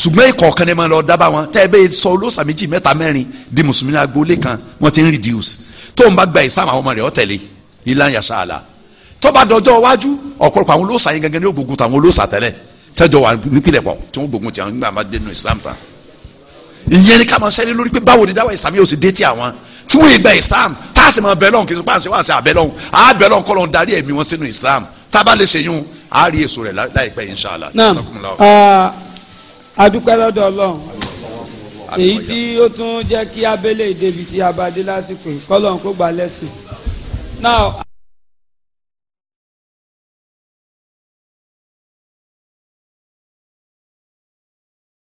ṣùgbọ́n ìkọ̀ọ̀kan ni máa lọ dábà wọn tẹ́ ẹ bẹ́ẹ̀ sọ olóòṣà méjì mẹ́ta mẹ́rin di mùsùlùmí agboolé kan wọ́n ti ń reduce tó ń bá gba ìsáàmù àwọn ọmọ rẹ̀ ọ̀tẹ̀lẹ̀ ìlànà yàtọ̀ àlà tó bá dọjọ́ iwájú ọ̀pọ̀lọpọ̀ àwọn olóòṣà yẹn gangan ní ògbógun tàwọn olóòṣà tẹ́lẹ̀ tẹ́jọ wà nípìnlẹ̀ pọ̀ tí wọ́n gbógun Islam tán ìyẹn ni ká máa ṣẹ́lẹ̀ lórí pé báwo ni dáwọ́ ìsàmì yóò sì dé tí àwọn tí wọ́n ìgbà Islam tá a sì máa bẹ̀ lọ́hùn kì Islam tá a bá lè ṣe yún a rí adúpẹ́ ọlọ́run èyí tí ó tún jẹ́ kí abẹ́lé ìdèbìtì abadé lásìkò kọ́lọ́n kó gbà lẹ́sìn